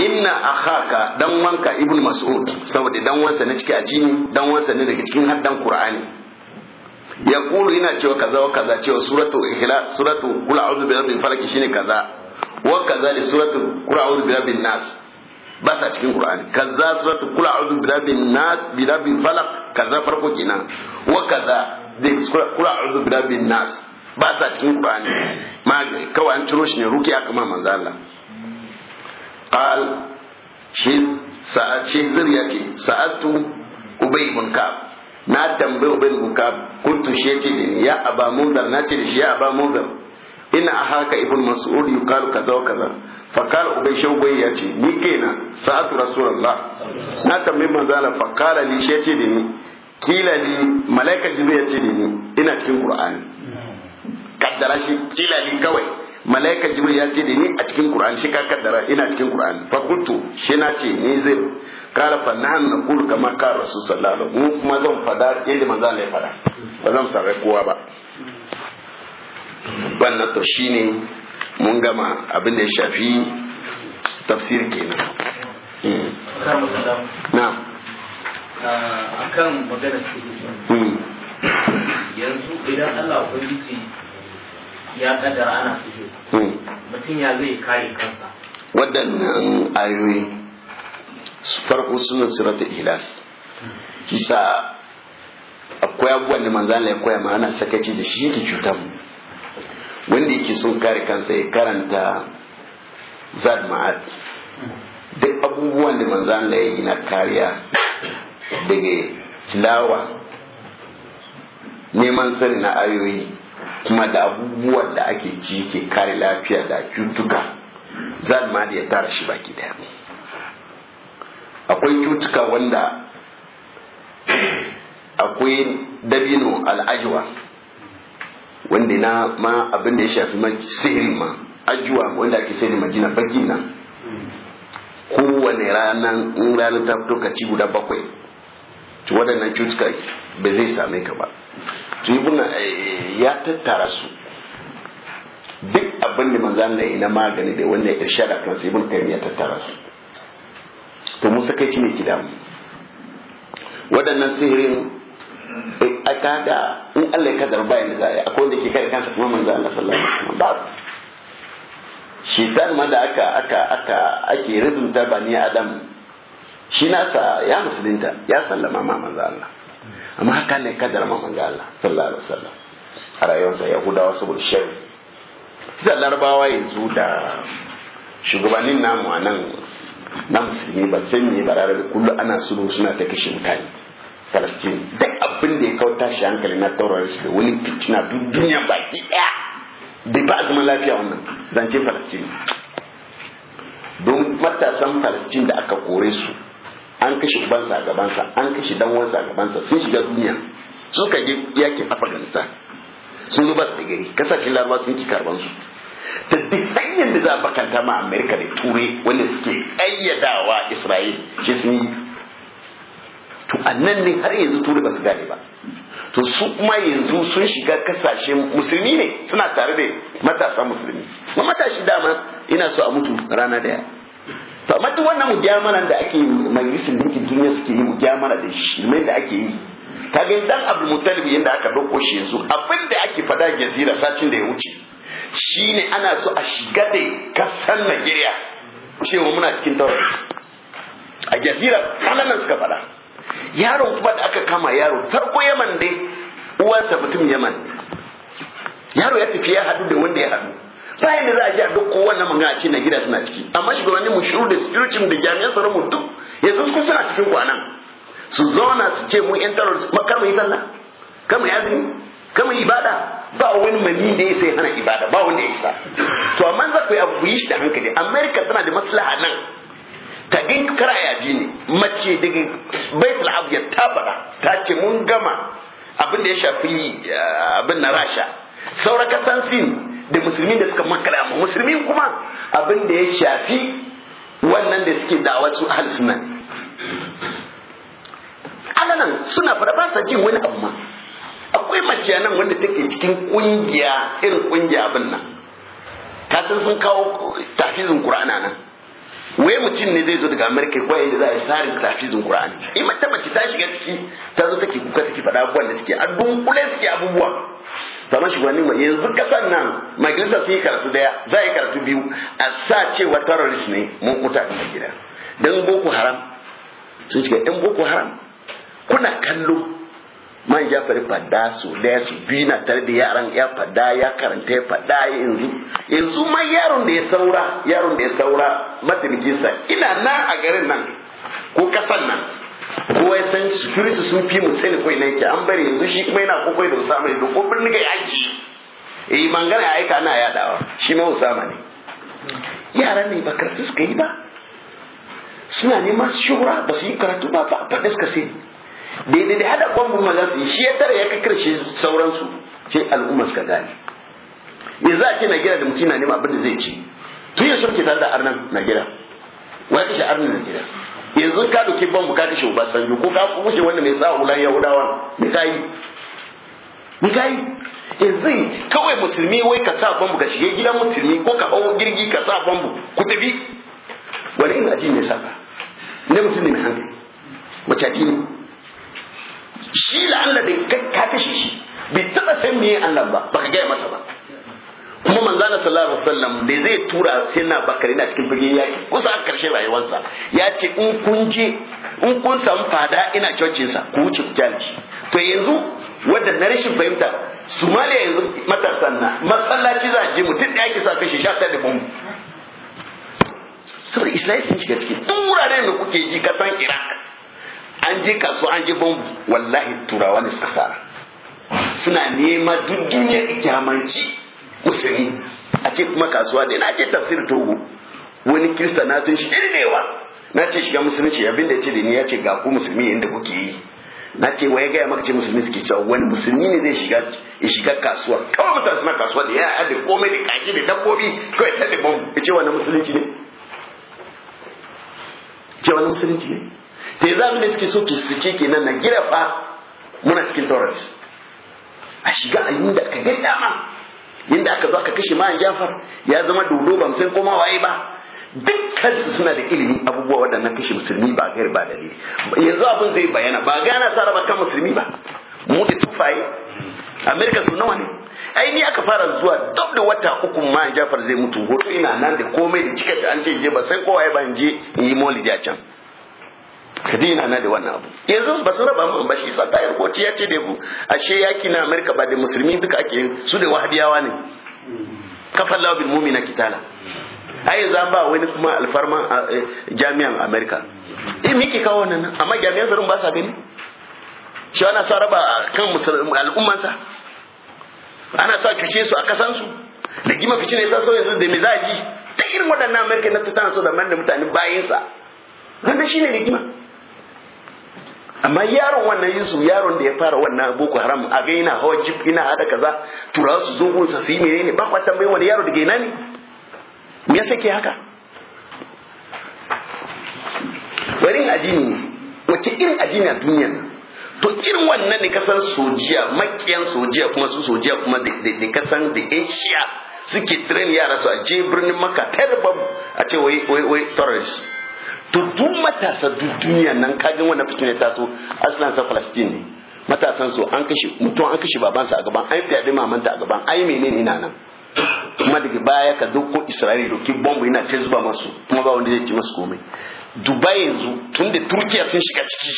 inna akhaka dan wanka ibnu mas'ud saboda dan wansa ne cike a cikin dan wansa ne daga cikin haddan qur'ani yaqulu ina cewa kaza wa kaza cewa suratu ikhlas suratu qul a'udhu bi rabbil falaq shine kaza wa kaza li suratu qul a'udhu bi rabbin nas ba sa cikin qur'ani kaza suratu qul a'udhu bi rabbin nas bi rabbil falaq kaza farko kenan wa kaza da kula a rubu guda nas ba sa cikin Qur'ani. ma kawai an ciro shi ne ruki aka ma manzo Allah qal shi sa'a ce zuriya ce sa'atu ubay ibn ka'ab na tambayi ubin guka kuntu shi yace da ya aba mudar na ce da shi ya aba mudar ina a haka ibn mas'ud yukalu kaza wa kaza fa kala ubay shawgwai ya ce ni kaina sa'atu rasulullah na tambayi manzala fa kala li shi yace da ni kila li malaika jibril yace da ni ina cikin qur'ani kaddara shi kila li kawai malaika jibril ya ce da ni a cikin qur'an shi ka kaddara ina cikin qur'an fa kuntu shi na ce ni zai kala fa nan na qul kama ka rasul sallallahu alaihi wasallam kuma zan fada yadda manzo Allah ya fada ba zan sarra kowa ba wannan to shine mun gama abin da ya shafi tafsir kenan hmm. na ah, akan magana shi hmm. yanzu idan Allah ubangiji ya kaddara ana sujud hmm. mutum ya zai kare kansa waɗannan ayoyi farko sunan suratul ikhlas kisa akwai abubuwan da manzan ya koya ma ana sakaci da shi yake cutar wanda yake son kare kansa ya karanta zad ma'ad duk abubuwan da manzan ya yi na kariya daga tilawa neman sani na ayoyi kuma da abubuwan da ake ci ke kare lafiya da cutuka zan ma da ya tara shi baki daya akwai cutuka wanda akwai dabino al'ajuwa wanda na ma abin da ya shafi sihirin ma ajuwa wanda ake sai da majina bakin nan kowane ranar in ranar ta fito ka ci guda bakwai waɗannan cutuka ba zai same ka ba buna eh, ya tattara su duk abin da manzan da na magani da wanda ya irsha da kansa ibn kayyim ya tattara su to musa kai ne ki damu waɗannan sihirin eh, a kada in Allah ya kadar bayan da za a yi akwai wanda ke kare kansa kuma manzan na sallallahu alaihi wasallam ba ma da aka aka aka ake rizunta ni adam shi nasa ya musulunta ya sallama ma manzo Allah amma haka ne kadar ma manzo Allah sallallahu alaihi wasallam a rayuwarsa yahudawa saboda shehu sai larabawa yanzu da shugabannin namu a nan na musulmi ba sai me da kullu ana sulhu suna ta kashe mutane Palestine duk abin da ya kawo tashi hankali na terrorist da wani fitina duk duniya baki daya bai ba a zama lafiya wannan zance Palestine don matasan falastin da aka kore su an kashe ubansa a gabansa an kashe dan wansa a gabansa sun shiga duniya sun je yakin afghanistan sun zo ba da gari kasashen larabawa sun ki karban su ta duk hanyar da za a bakanta ma amerika da turai wanda suke ayyadawa isra'il shi sun yi to annan ne har yanzu turai ba su gane ba to su kuma yanzu sun shiga kasashe musulmi ne suna tare da matasa musulmi ma matashi dama ina so a mutu rana daya to wannan mu wannan da ake yi majalisin dinkin duniya suke yi mujamala da shi mai da ake yi kaga dan Abdul mutalibi yanda aka dauko shi yanzu abin da ake fada jazira sacin da ya wuce shine ana so a shiga da kasar Najeriya cewa muna cikin terrorist a jazira kananan suka fada yaron kuma da aka kama yaro farko Yaman dai uwansa mutum Yaman yaro ya tafi ya hadu da wanda ya hadu sai da za a ji a duk kowanne manga a ce na gida suna ciki amma shugabannin mu shiru da security da jami'an tsaron mu duk yanzu kun suna cikin kwanan su zauna su ce mu yan tarar su kar mu yi sallah kar mu yi azumi kar mu ibada ba wani mali da ya sai hana ibada ba wani ya isa to amma za ku yi abu yi shi da hankali america tana da maslaha nan ta gin kara yaji ne mace daga baitul abiyar ta faɗa ta ce mun gama abin da ya shafi eh, abin na rasha saura kasan sin da musulmi da suka makara mu musulmi kuma abin da ya shafi wannan da suke dawa su ahal alanan suna fara jin wani abu ma akwai mace nan wanda take cikin kungiya irin kungiya abin nan ta sun kawo tafizin qur'ana nan wai mutum ne zai zo daga amurka ba yadda za a yi tsarin tafizin kur'ani? in mata mace ta shiga ciki ta zo take kuka take faɗa abubuwan da suke a dunkule suke abubuwa zaman shugabanni yanzu kasan nan majalisar sun yi karatu daya za a yi karatu biyu a sa cewa terrorist ne mun kuta a gida don boko haram sun shiga yan boko haram kuna kallo man fari fada su daya su biyu na tare da yaran ya fada ya karanta ya fada yanzu yanzu ma yaron da ya saura yaron da ya saura mataimakinsa ina na a garin nan ko kasan nan ko ya san security sun fi mu sai ko ina yake an bari yanzu shi kuma yana kokoi da usama ne ko birni ga yaji eh mangana ya aika ana yadawa shi ma usama ne yaran ne ba karatu suka yi ba suna neman shura ba su yi karatu ba ba da suka sai daidai da hada kwambun ma za su yi shi ya tara ya karshe sauransu ce al'umma suka gane yanzu a ce Najeriya da mutum na nema abin da zai ci tun yaushe muke tare da arnan Najeriya wa kashe arnan Najeriya yanzu ka doke bambu ka kashe sanju ko ka kushe wanda mai sa hulan Yahudawa me kai me kai yanzu kawai musulmi wai ka sa bambu ka shige gidan musulmi ko ka hawo girgi ka sa bambu ku tafi wani ina ji ne saka ne musulmi ne hankali wace ne shi Allah da ka kashe shi bai taɓa san Allah ba baka gaya masa ba kuma manzana sallallahu alaihi wasallam da zai tura sai na bakari na cikin fagen yaki kusa a karshen rayuwarsa ya ce in kun je in kun samu fada ina cocin sa ku wuce ku shi to yanzu wanda na rashin fahimta Somalia yanzu matasan na masallaci za a je mutum da yake sa kashe sha ta da mu. saboda Isla'il sun shiga ciki tun wuraren da kuke ji kasan Iraq an je kasuwa an je bombu wallahi turawa ne suka sara suna nema duk duniya kyamanci musulmi a ce kuma kasuwa da na ce tafsir togo wani kirista na sun irinewa na ce shiga musulunci abinda ya ce da ni ya ce ga ku musulmi inda kuke yi na ce waye gaya maka ce musulmi suke cewa wani musulmi ne zai shiga ya shiga kasuwa kawai mutane suna kasuwa da ya da komai da kaji da dabbobi kawai ta da bombu ya ce wani musulunci ne ce wannan musulunci ne te za mu da suke so su ke nan na gira fa muna cikin torrent a shiga a yi da aka ga dama yadda aka zo aka kashe ma'an jafar ya zama dodo ban san koma waye ba dukkansu suna da ilimi abubuwa waɗannan kashe musulmi ba gari ba dalili yanzu abin zai bayyana ba gana sa raba kan musulmi ba mu da sufaye amerika su nawa ne ai ni aka fara zuwa duk da wata uku ma'an jafar zai mutu hoto ina nan da komai da cika ta an ce je ba sai kowa ya ban je in yi molidi a can ka daina na da wannan abu yanzu ba su raba mu ba shi sa tayar koci ya ce da ku ashe yaki na Amerika ba da musulmi duka ake su da wahabiyawa ne kafallahu bil mu'mina kitala ai za ba wani kuma alfarman eh, jami'an Amerika eh me ke kawo nan amma jami'an tsaron ba sa gani shi ana sa raba kan sa ana sa cuce su a kasan su da gima fice ne ta so yanzu da mizaji ta irin waɗannan Amerika na tutan so da manne da mutane bayansa wannan shine rigima amma yaron wannan yusuf yaron da ya fara wannan boko haram a ga yana hawa jib yana hada kaza tura su zo sa su yi menene ba kwa tambayi wani yaro daga ina ne me yasa ke haka warin ajini wace irin ajini a duniya? to irin wannan da kasan sojiya makiyan sojiya kuma su sojiya kuma da kasan da asia suke train yara su a je birnin maka terrible a ce wai wai wai terrorist to duk matasa duk duniya nan kagin wannan fitina ta so aslan sa Palestine ne matasan su an kashe mutum an kashe babansa a gaban ai fiye mamanta a gaban ai menene ina nan kuma daga baya ka dauko Isra'ila doki bomb yana ce zuba masu kuma ba wanda zai ci masu komai Dubai yanzu tun da Turkiya sun shiga ciki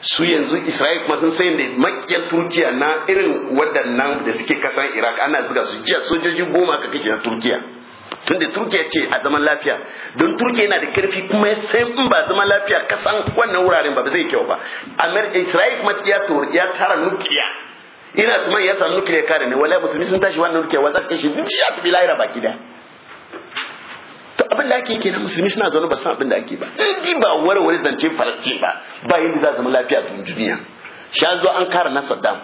su yanzu Isra'il kuma sun sayin da makiyar Turkiya na irin waɗannan da suke kasan Iraq ana zuga su jiya sojoji goma ka kashe na Turkiya tunda turkiya ce a zaman lafiya don turkiya yana da karfi kuma ya sai in ba zaman lafiya kasan wannan wuraren ba ba zai kyau ba amerika israel kuma ya tara nukiya ina su ya samu nukiya kare ne wallahi musulmi sun tashi wannan nukiya wanda ta shi biya tafi lahira baki da to abin da ake yi na musulmi suna zaune ba san abin da ake ba in ba wani zance falastin ba ba da za zama lafiya a duniya shan zo an kara na saddam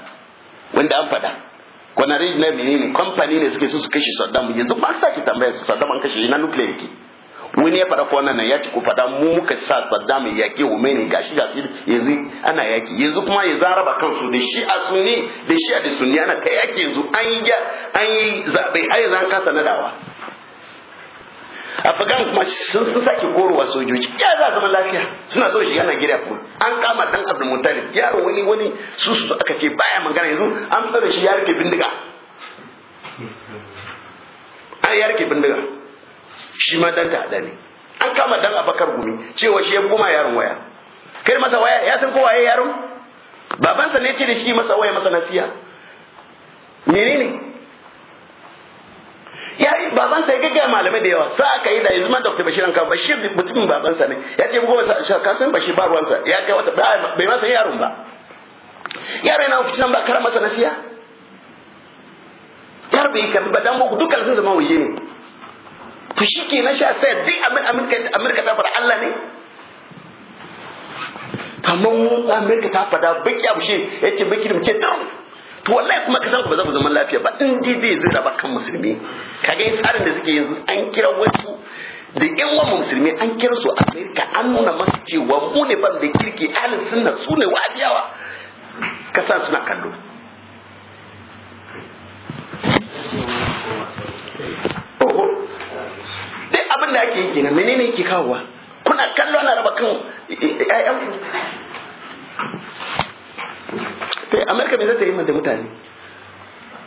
wanda an faɗa kuna regional nini company ne suke su su kashe Saddam yanzu ba sa ki tambaya su Saddam an kashe ina nuclear yake wani ya fada kwanan na ya ci ku fada mu muka sa Saddam ya yake Khomeini gashi gashi yanzu ana yaki yanzu kuma ya zaraba kansu da shi a sunni da shi a da sunni ana ta yaki yanzu an yi an yi zabe ai zan kasa dawa afghan kuma sun sun sake korowa sojoji ya za zama lafiya suna so shiga nigeria kuma an kama dan abdul yaro wani wani su su aka ce baya magana yanzu an tsare shi ya rike bindiga an ya rike bindiga shi ma dan ta ne an kama dan abakar gumi cewa shi ya koma yaron waya kai masa waya ya san ko waye yaron babansa ne ce da shi masa waya masa nasiya menene ya yi babansa ya gaggaya malamai da yawa sa aka yi da yanzu man dr bashir ka bashir mutumin babansa ne ya ce goma sa kasan bashir ba ruwansa ya kai wata bai masa yaron ba yaro yana fice nan ba karan masa nasiya yar bai kan ba dan boko dukkan sun zama waje ne to shike na sha sai duk abin amurka amurka ta fara Allah ne kamar amurka ta fada baki abu shi yace biki da muke to wallahi kuma kasan ku ba za ku zama lafiya ba in dai zai zai raba kan musulmi Ka ga tsarin da suke yanzu an kira wasu da yan wa musulmi an kira su amerika an nuna masu cewa mu ne ban da kirki alin sunna su ne wa'adiyawa kasan suna kallo duk abin da ake yi kenan menene yake kawowa kuna kallo ana raba kan eh, eh, ta eh, amerika me za ta yi da mutane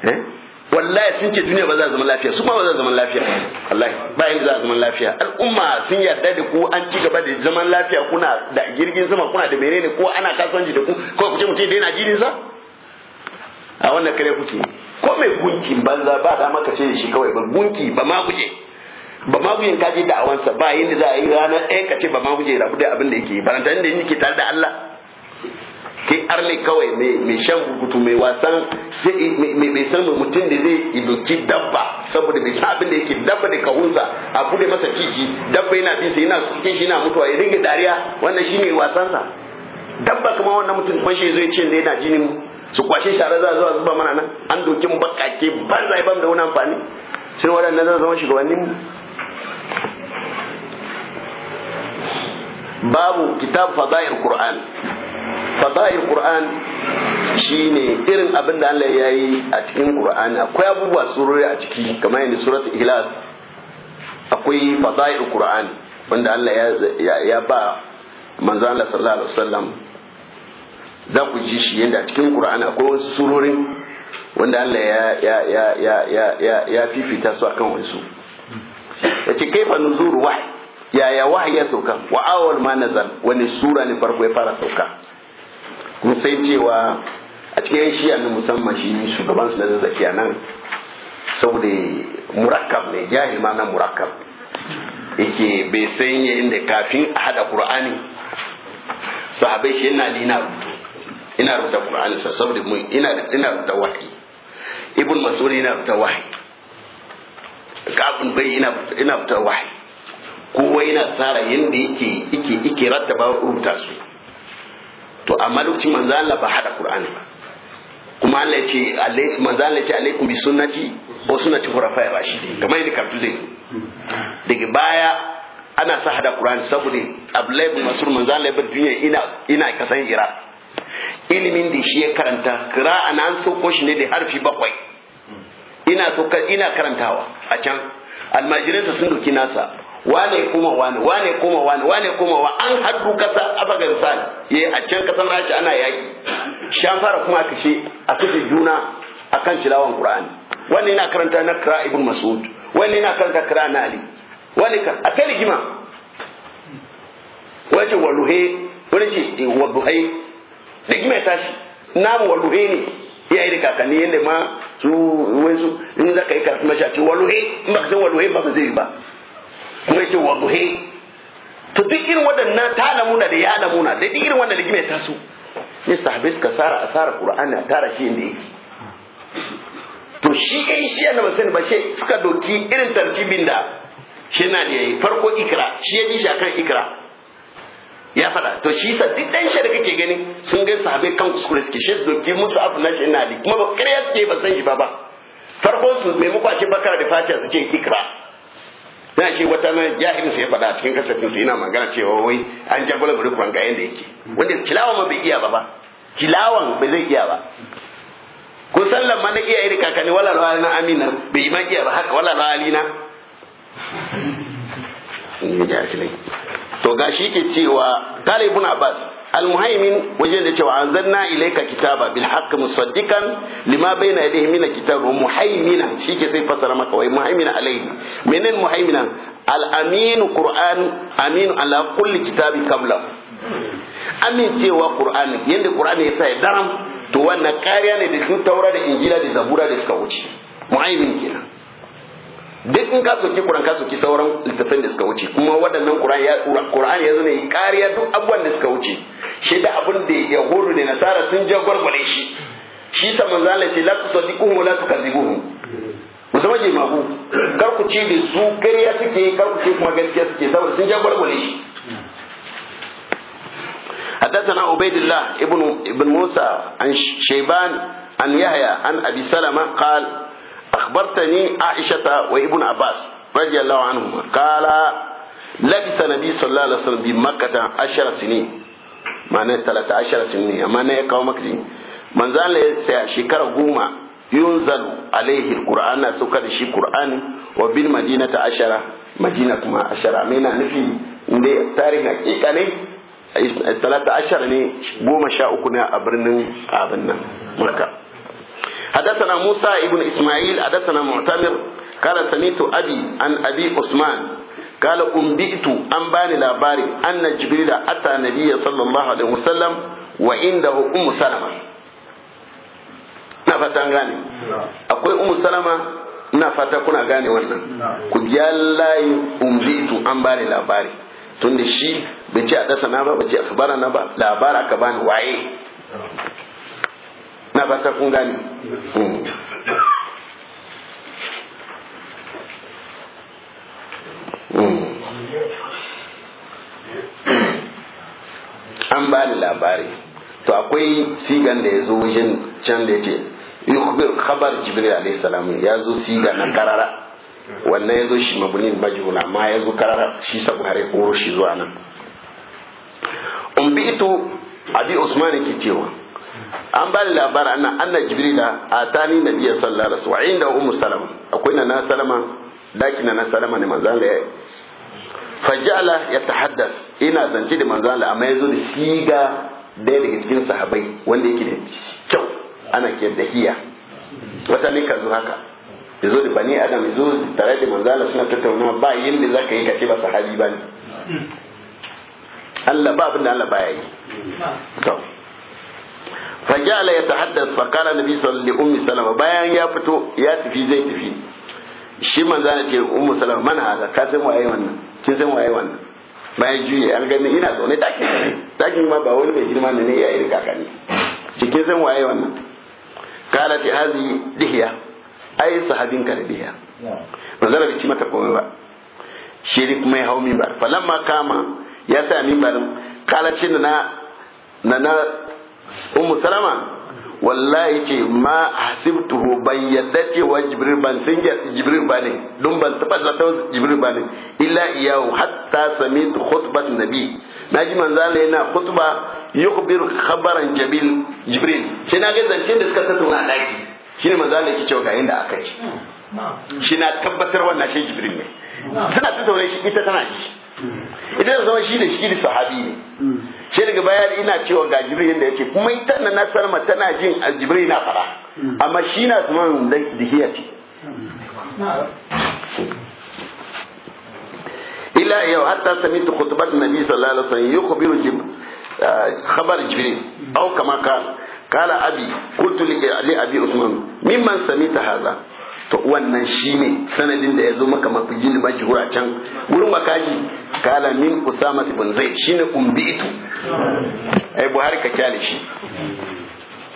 eh? wallahi sun ce duniya ba za zama lafiya su ba za zaman lafiya wallahi ba yanda za zaman lafiya al'umma sun yarda da ku an ci gaba da zaman lafiya kuna da jirgin sama kuna da menene ko ana kasuwanci da ku ko ku ce dai na jirgin sa a wannan kare kuke ko mai gunki banza ba da maka ce shi kawai ba gunki ba ma kuje ba ma gujen kaje da awansa ba yin da za a yi ranar ɗaya ka ce ba ma guje rabu da abin da yake baranta da yake tare da Allah kai arle kawai mai shan rubutu mai wasan mai san mutum da zai idoki dabba saboda bai sa abin da yake dabba da kahunsa a bude masa kishi dabba yana bisa yana suke shi yana mutuwa ya dinga dariya wannan shine wasansa dabba kuma wannan mutum kwashe zai ce da yana jinin su kwashe shara za zuwa zuba mana nan an doki mu bakake banza ban da wani amfani sai waɗannan zan zama shugabannin babu kitab fadail qur'an fada'il qur'an shine irin abin da Allah ya yi a cikin qur'ani akwai abubuwa surori a ciki kamar yadda suratul ikhlas akwai fada'il qur'an wanda Allah ya ya ba manzo Allah sallallahu alaihi wasallam za ku ji shi yadda a cikin qur'ani akwai wasu surori wanda Allah ya ya ya ya ya ya fifita su akan wasu yace kaifa nuzur wahi, yaya wahy ya sauka wa awal ma nazal wani sura ne farko ya fara sauka kun sai cewa a cikin shi a musamman shi shugaban su na zazzaki a nan saboda murakkab ne jahil ma na murakkab yake bai san inda kafin a hada qur'ani sahabai shi yana lina rubutu ina rubuta qur'ani sa saboda mu ina ina rubuta wahi ibn mas'ud ina rubuta wahi kafin bai ina ina rubuta wahi kowa yana tsara yanda yake yake yake rattaba rubuta su to amma lokacin manzo Allah ba hada Qur'ani ba kuma Allah ya ce manzo Allah ya ce alaikum bi sunnati wa sunnati khulafa'ir rashidin kamar yadda kartu zai daga baya ana sa hada Qur'ani saboda Abdullahi bin Mas'ud manzo Allah ya bar ina ina kasan Iraq ilimin da shi ya karanta qira'a so ko shi ne da harfi bakwai ina so ina karantawa a can almajiransa sun doki nasa wane kuma wane wane kuma wane wane kuma wa an haddu kasa afghanistan ye a can kasan rashi ana yaki shan fara kuma ce a cikin juna akan tilawan qur'ani wanne yana karanta na kira ibn mas'ud wanne yana karanta kira na ali wanne ka kai rigima wace waluhe wani ce waluhe eh, rigima ya tashi na waluhe ne iyaye da kakanni yadda ma su wai su in za ka yi karfi mashi a ce waluhe in ba ka san waluhe ba ba zai yi ba kuma yace wa duhe to duk irin waɗannan lamuna da lamuna da duk irin wanda ligime ta su ne sahabbai suka sara a sara qur'ani a tara shi inda yake to shi kai shi annabi sai ba shi suka doki irin tartibin da shi na ne farko ikra shi ya bisha kan ikra ya fada to shi sa duk dan shi da kake gani sun ga sahabbai kan kuskure suke shi su doki musu abu na shi na kuma ba kare suke ba san shi ba ba farko su maimako a ce bakara da fatiha su ce ikra na shi wata na jahilin sai faɗa a cikin kasafin sai ina magana cewa wai an jagola bari kuran ga yanda yake wanda tilawan ma bai iya ba ba tilawan bai zai iya ba ko sallan ma na iya iri kakanni wala rawali na amina bai ma iya ba haka wala rawali na to ga shi ke cewa kala ibn abbas almuhaimin wajen da cewa anzalna ilayka kitaba bil haqqi musaddiqan lima bayna yadayhi min kitab muhaimina shike sai fasara maka wa muhaimina alayhi menen muhaimina al amin qur'an amin ala kulli kitabi qabla amin cewa yanda qur'an ya sa ya daram to wannan kariya ne da sun da injila da zabura da suka wuce kenan duk in ka soki Qur'an ka soki sauran littafin da suka wuce kuma waɗannan Qur'an ya Qur'an ya zama kariya duk abubuwan da suka wuce shi da abin da horo da Nasara sun jagwargwale shi shi sa manzo Allah ce la tusaddiquhum wa la tukadzibuhum musamman ji mabu kar ku ce da su kariya suke kar ku ce kuma gaskiya suke saboda sun jagwargwale shi حدثنا عبيد الله ابن ابن موسى عن شيبان عن يحيى عن ابي سلمه قال akhbartani aishata wa ibn abbas radiyallahu anhu qala labita nabi sallallahu alaihi wasallam bi makkata ashara sini ma'ana talata ashara sini amma ne ya kawo maka manzan la sai a shekara goma yunzalu alaihi alquran na sauka da shi qur'ani wa bil madinata ashara madina kuma ashara mai na nufi inda tarihin hakika ne talata ne goma sha uku ne a birnin abin nan makka حدثنا موسى ابن إسماعيل حدثنا معتمر قال سمعت Usman, عن أبي عثمان قال أنبئت أن باني لاباري أن جبريل أتى النبي صلى الله عليه وسلم وعنده أم سلمة na fatan gane akwai umu salama na fata kuna gane wannan ku biya layi umritu an bani labari tun da shi bai ce a dasa na ba bai ce a kabara na ba labara ka bani waye na ba ta kun gani hmm. hmm. hmm. an ba ni labari to akwai sigan da ya zo wajen can da ya ce khabar jibril alayhi salam ya zo siga na karara wannan ya zo shi mabunin bajuna ma ya zo karara shi sa buhari ko shi zuwa nan ito abi usman ke cewa an ba da labar anna anna jibrila atani nabiyya sallallahu alaihi wasallam inda ummu salama akwai na salama daki na salama ne manzo Allah ya tahaddas ina zance da manzo Allah amma yazo da siga daya daga cikin sahabbai wanda yake da kyau ana ke da hiya wata ne ka zo haka yazo da bani adam yazo tare da manzo Allah suna tattauna ba yin da zaka yi kace ba sahabi bane Allah ba abin da Allah baya yi fajala ya tahaddas fa qala nabi sallallahu alaihi ummi salama bayan ya fito ya tafi zai tafi shi manzo ne ce ummu salama man a ka san waye wannan kin san waye wannan bayan juye an gani ina zaune daki daki ma ba wani mai girma ne ya yi kakanni cikin san waye kala ta hazi dihiya ai sahabin ka da dihiya manzo bai ci mata komai ba shi kuma ya hau mimbar falamma kama ya sa mimbarin kala cin na na ummu salama wallahi ce ma hasibtuhu ban yadda ce cewa jibril ban san jibril bane dun ban taba zata jibril bane illa iyahu hatta samitu khutbat nabi naji manzala yana khutba yukhbir khabaran jabil jibril sai na ga zancen da suka tattauna a daki shine manzala yake cewa ga inda aka ce hmm. shi na tabbatar wannan shi jibril ne hmm. tana tattauna shi ita tana ji idan zama shi da shi da sahabi ne hmm. shi daga baya ina cewa ga da ya ce, kuma ita na nasar ma tana jin jibril na fara hmm. amma shi na zama da hiya ce ila yau hatta samitu khutbat nabi sallallahu alaihi wasallam yau jib uh, khabar maka kala kama kan قال أبي abi usman mimman sami ta haza. to wannan ne sanadin da ya zo maka mafi jini maki hura can wurin makaji kala min usama ibn ne shine umbitu ai buhari ka kyale shi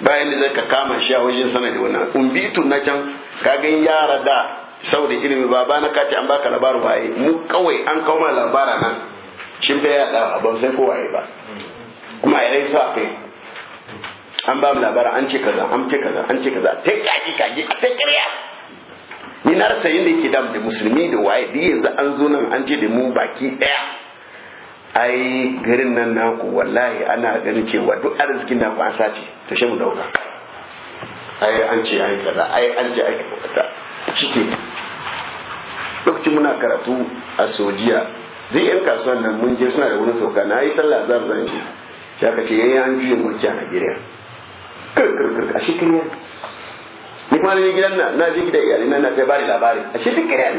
bayan da zai ka kama shi a wajen sanadi wannan umbitu na can kaga yara da saboda ilimi ba na kace an baka labarin waye mu kawai an kawo mana labara nan shin fa ya da ban sai ko waye ba kuma ai sa kai an ba mu labara an ce kaza an ce kaza an ce kaza ta kaji kaji a ta kirya ni na rasa yadda yake dam da musulmi da waye duk yanzu an zo nan an ce da mu baki daya ai garin nan naku wallahi ana ganin cewa duk arzikin ku an sace ta shi mu dauka ai an ce ai kaza ai an ce ai kaza shike lokacin muna karatu a sojiya zai yan kasuwan nan mun je suna da wani sauka na yi sallah zan zan ce shi aka ce yayin an juya mulki a Najeriya kirkirkir a shekariya ni kuma ni gidan na na je iyali na na bari labari a shi duk ne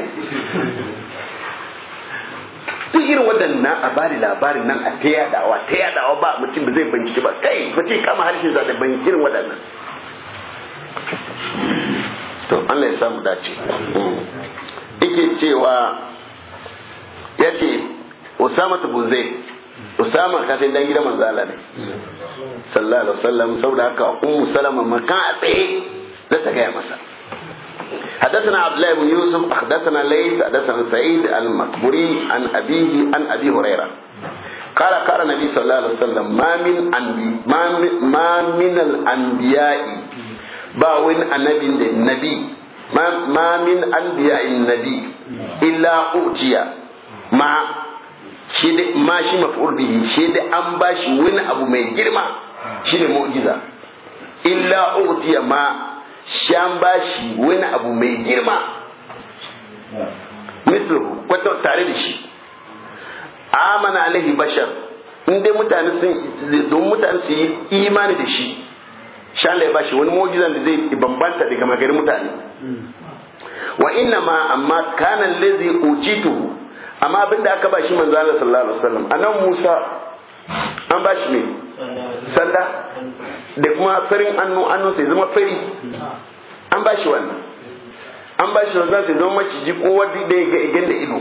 duk irin waɗannan a bari labarin nan a ta yadawa ta yadawa ba mutum ba zai bincike ba kai ba ce kama harshen za ta ban irin waɗannan to Allah ya samu dace yake cewa ya ce Usama Buzai Usama kafin dan gidan manzala ne sallallahu alaihi wasallam saboda haka ummu salama makan a tsaye ده تجاوز حدثنا عبد الله بن يوسف حدثنا ليث حدثنا سعيد المقبري عن أبيه عن أبي هريرة قال قال النبي صلى الله عليه وسلم ما من أنبي ما من, ما من الأنبياء باوين النبي النبي ما, ما من أنبياء النبي إلا أوتي ما شيء ما شيء مفعول به شيد أن باش وين أبو ما جرما شيد معجزة إلا أوتي ما Shan bashi wani abu mai girma mitlu kwato tare da shi amana alaihi bashar in dai mutane sun don mutane su yi imani da shi shan lai bashi wani mu'jizan da zai bambanta daga magari mutane wa inna ma amma kana lezi ujitu amma abinda aka bashi manzo Allah sallallahu alaihi wasallam anan Musa an ba shi ne sanda da kuma farin annu annu sai zama fari an ba shi wannan an ba shi zanzan sai zama maciji ko wadda da ya gan da ido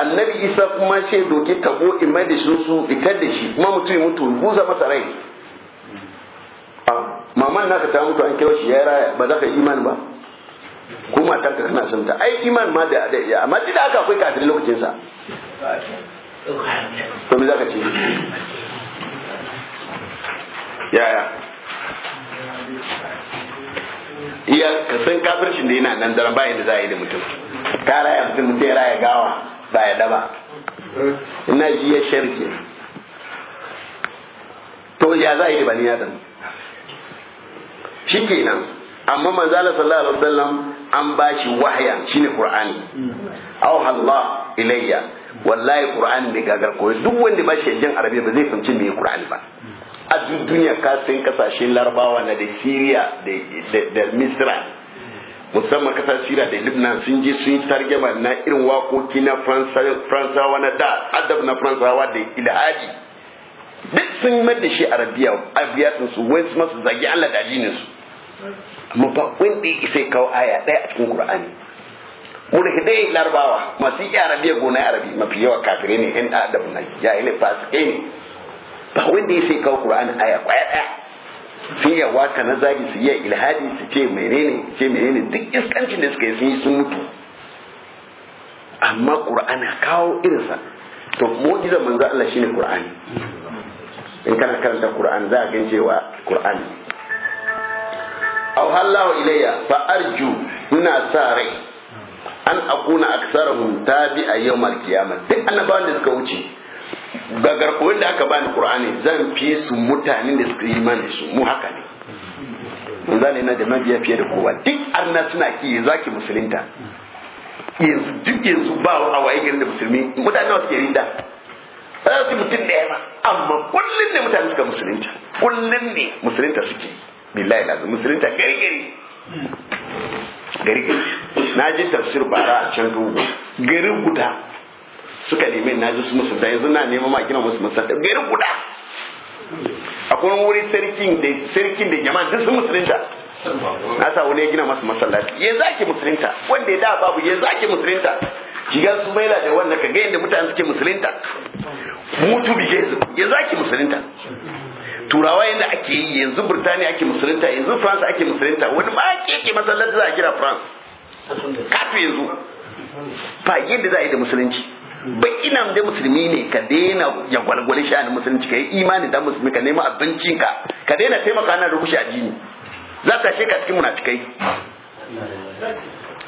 annabi isa kuma shi doke tabo in mai da shi su fitar da shi kuma mutum ya mutu buza masa rai maman naka ta mutu an kira shi ya raya ba za ka yi imani ba ko matanka kana son ta ai iman ma da amma da aka akwai kafin lokacin sa to me zaka ce yaya iya ka san kafircin da yana nan daren bayan da za a yi da mutum ta raya mutum mutum ya raya gawa ba ya daba ina ji ya shirke to ya za a yi da bani adam shi kenan amma manzala sallallahu alaihi wasallam an ba shi wahaya shine qur'ani aw Allah ilayya wallahi qur'ani bai gagar koyo duk wanda ba shi jin arabiya ba zai fahimci me qur'ani ba a duk duniya ka san kasashen larabawa na da syria da misra musamman kasar sira da libna sun je sun yi targama na irin wakoki na faransawa na da adab na faransawa da ilhadi duk sun mai da shi arabiya abiyatun su wai zagi allah da su amma ba wanda ya isai kawo aya ɗaya a cikin qur'ani mulhidai larabawa masu iya arabiya gona arabi mafi yawa kafire ne yan adam na jahilin fasikai ne ba wanda ya sai kawo qur'ani aya kwaya daya sun iya waka na zagi su iya ilhadi su ce menene ce menene duk iskancin da suka yi sun yi sun mutu amma qur'ani kawo irinsa to mu'jizar manzo Allah shine qur'ani in kana karanta qur'ani za ka gan cewa qur'ani aw hallahu ilayya fa arju ina sa rai an akuna aksarahum a yawmal kiyama. duk annabawan da suka wuce ga garkuwar da aka bani qur'ani zan fi su mutanen da suka yi mana su mu haka ne zan ne na da mabiya fiye da kowa duk arna suna ki yanzu musulunta yanzu duk yanzu ba a waye garin da musulmi mutane wasu ke rinda ba za su mutum da yawa amma kullum ne mutane suka musulunta kullum ne musulunta suke billahi lazu musulunta gari gari gari gari na ji tafsir bara a can dogo gari guda suka nemi na ji su musu da yanzu na nema ma gina musu musu gari guda akwai wuri sarkin da sarkin da jama'a duk su musulunta na sa wani ya gina masu masallaci yanzu ake musulunta wanda ya da babu yanzu ake musulunta shiga su maila da wannan ka ga da mutane suke musulunta mutu bige su yanzu ake musulunta turawa yanda ake yi yanzu burtaniya ake musulunta yanzu france ake musulunta wani ma ake yake masallaci za a gina france kafin yanzu ba yadda za a yi da musulunci ba ina da musulmi ne ka daina ya gwalgwale sha'anin musulunci ka yi imani da musulmi ka nema abincin ka daina taimaka na a jini za ka ka cikin munafikai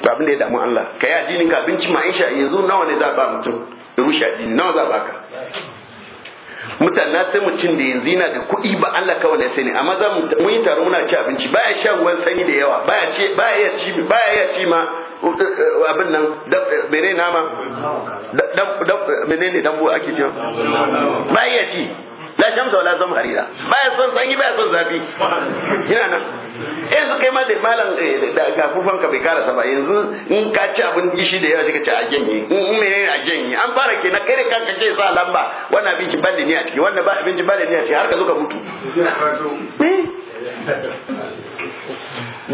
ba abin da ya damu Allah ka yi a jini ka abinci ma in sha yanzu nawa ne za a ba mutum rushe jini nawa za a baka mutane sai mutum da yanzu yana da kuɗi ba Allah kawai sai ne amma za mu yi taro muna ci abinci baya shan ruwan sanyi da yawa baya ce baya ya ci baya ya ci ma abin nan eh, menene nama eh, menene dambu ake ci baya ya ci la shamsu wala zamharira baya son sanyi baya son zafi ina nan eh su kai ma da malam eh, da gafufan ka bai karasa ba yanzu in ka ci abin gishi da yawa kika ci a janye in menene a janye an fara na kare kan ka ce sa lamba wannan abinci balle ne a ciki wannan ba abinci balle ne a ciki har ka zo ka mutu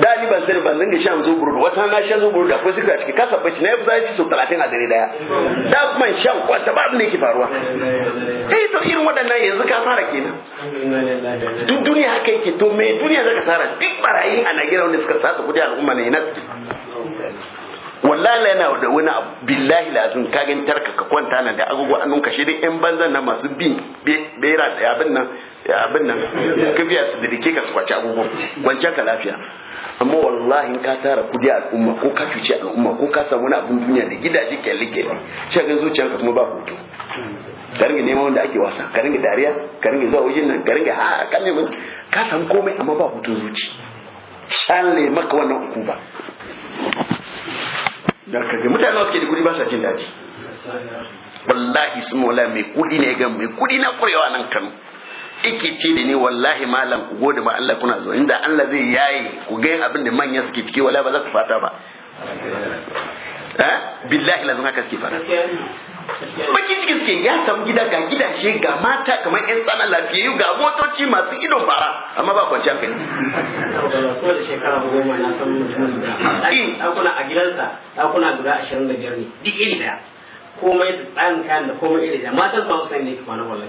da ni ban sani ban dinga shan zuburu da wata na shan zuburu da akwai suka ciki ka bacci na yafi zafi so 30 a dare daya da kuma shan kwata ba abin da yake faruwa eh to irin waɗannan yanzu ka fara kenan duk duniya haka yake to me duniya zaka tara duk barayi a nigeria wanda suka sata kudi al'umma ne na wallahi la yana da wani abu billahi lazim ka gani tarka ka kwanta nan da agogo an nunka shi dai yan banzan nan masu bin bera da abin nan abin nan ka biya su da dike ka su kwaci agogo wancan ka lafiya amma wallahi in ka tara kudi al'umma ko ka a al'umma ko ka samu wani abin duniya da gidaje kyalle kyalle shi ga ka kuma ba hoto ka ringa neman wanda ake wasa ka ringa dariya ka ringa zuwa wajen nan ka ringa a ka neman ka san komai amma ba hutun zuci shalle maka wannan hukuma da kage mutane suke da kudi ba sa jin daji wallahi sun wala mai kudi ne gan mai kudi na kurewa nan kano ike ce da ni wallahi malam ku gode ma Allah kuna zo inda Allah zai yaye ku ga abin da manya suke ciki wala ba za ku fata ba eh billahi lazima haka suke fata bakin ciki suke ya samu gida ga gidashe ga mata kamar yan tsana lafiyayyu ga motoci masu idon fara amma ba kwanci hankali. da eh. a ashirin da biyar ne komai da tsarin kayan da komai iri matan ba su sani ne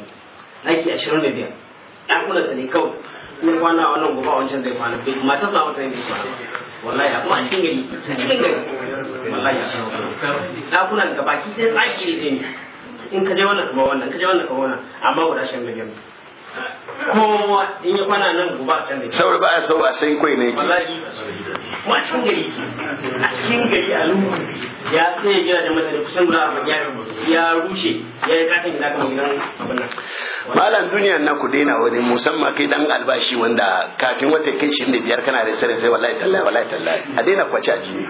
na ashirin da biyar ne kawai ya kwana a wannan gobe a wancan zai kwana bai matar na wata zai kwana wallahi a kuma a cikin gari a cikin gari wallahi dakunan gabaki ɗaya tsaki ne in ka je wannan kuma wannan ka je wannan kuma wannan amma guda shan miliyan kowa in ya kwana nan guba can da saboda ba a sau a san kwai ne wallahi A cikin gari a cikin gari a lungu ya sai gina da mutane kusan guda a ya ya rushe ya yi katin gida kamar gidan abin malam duniyan na ku daina wani musamman kai dan albashi wanda kafin wata kai shi da biyar kana da sare sai wallahi tallahi wallahi tallahi a daina kwace a jini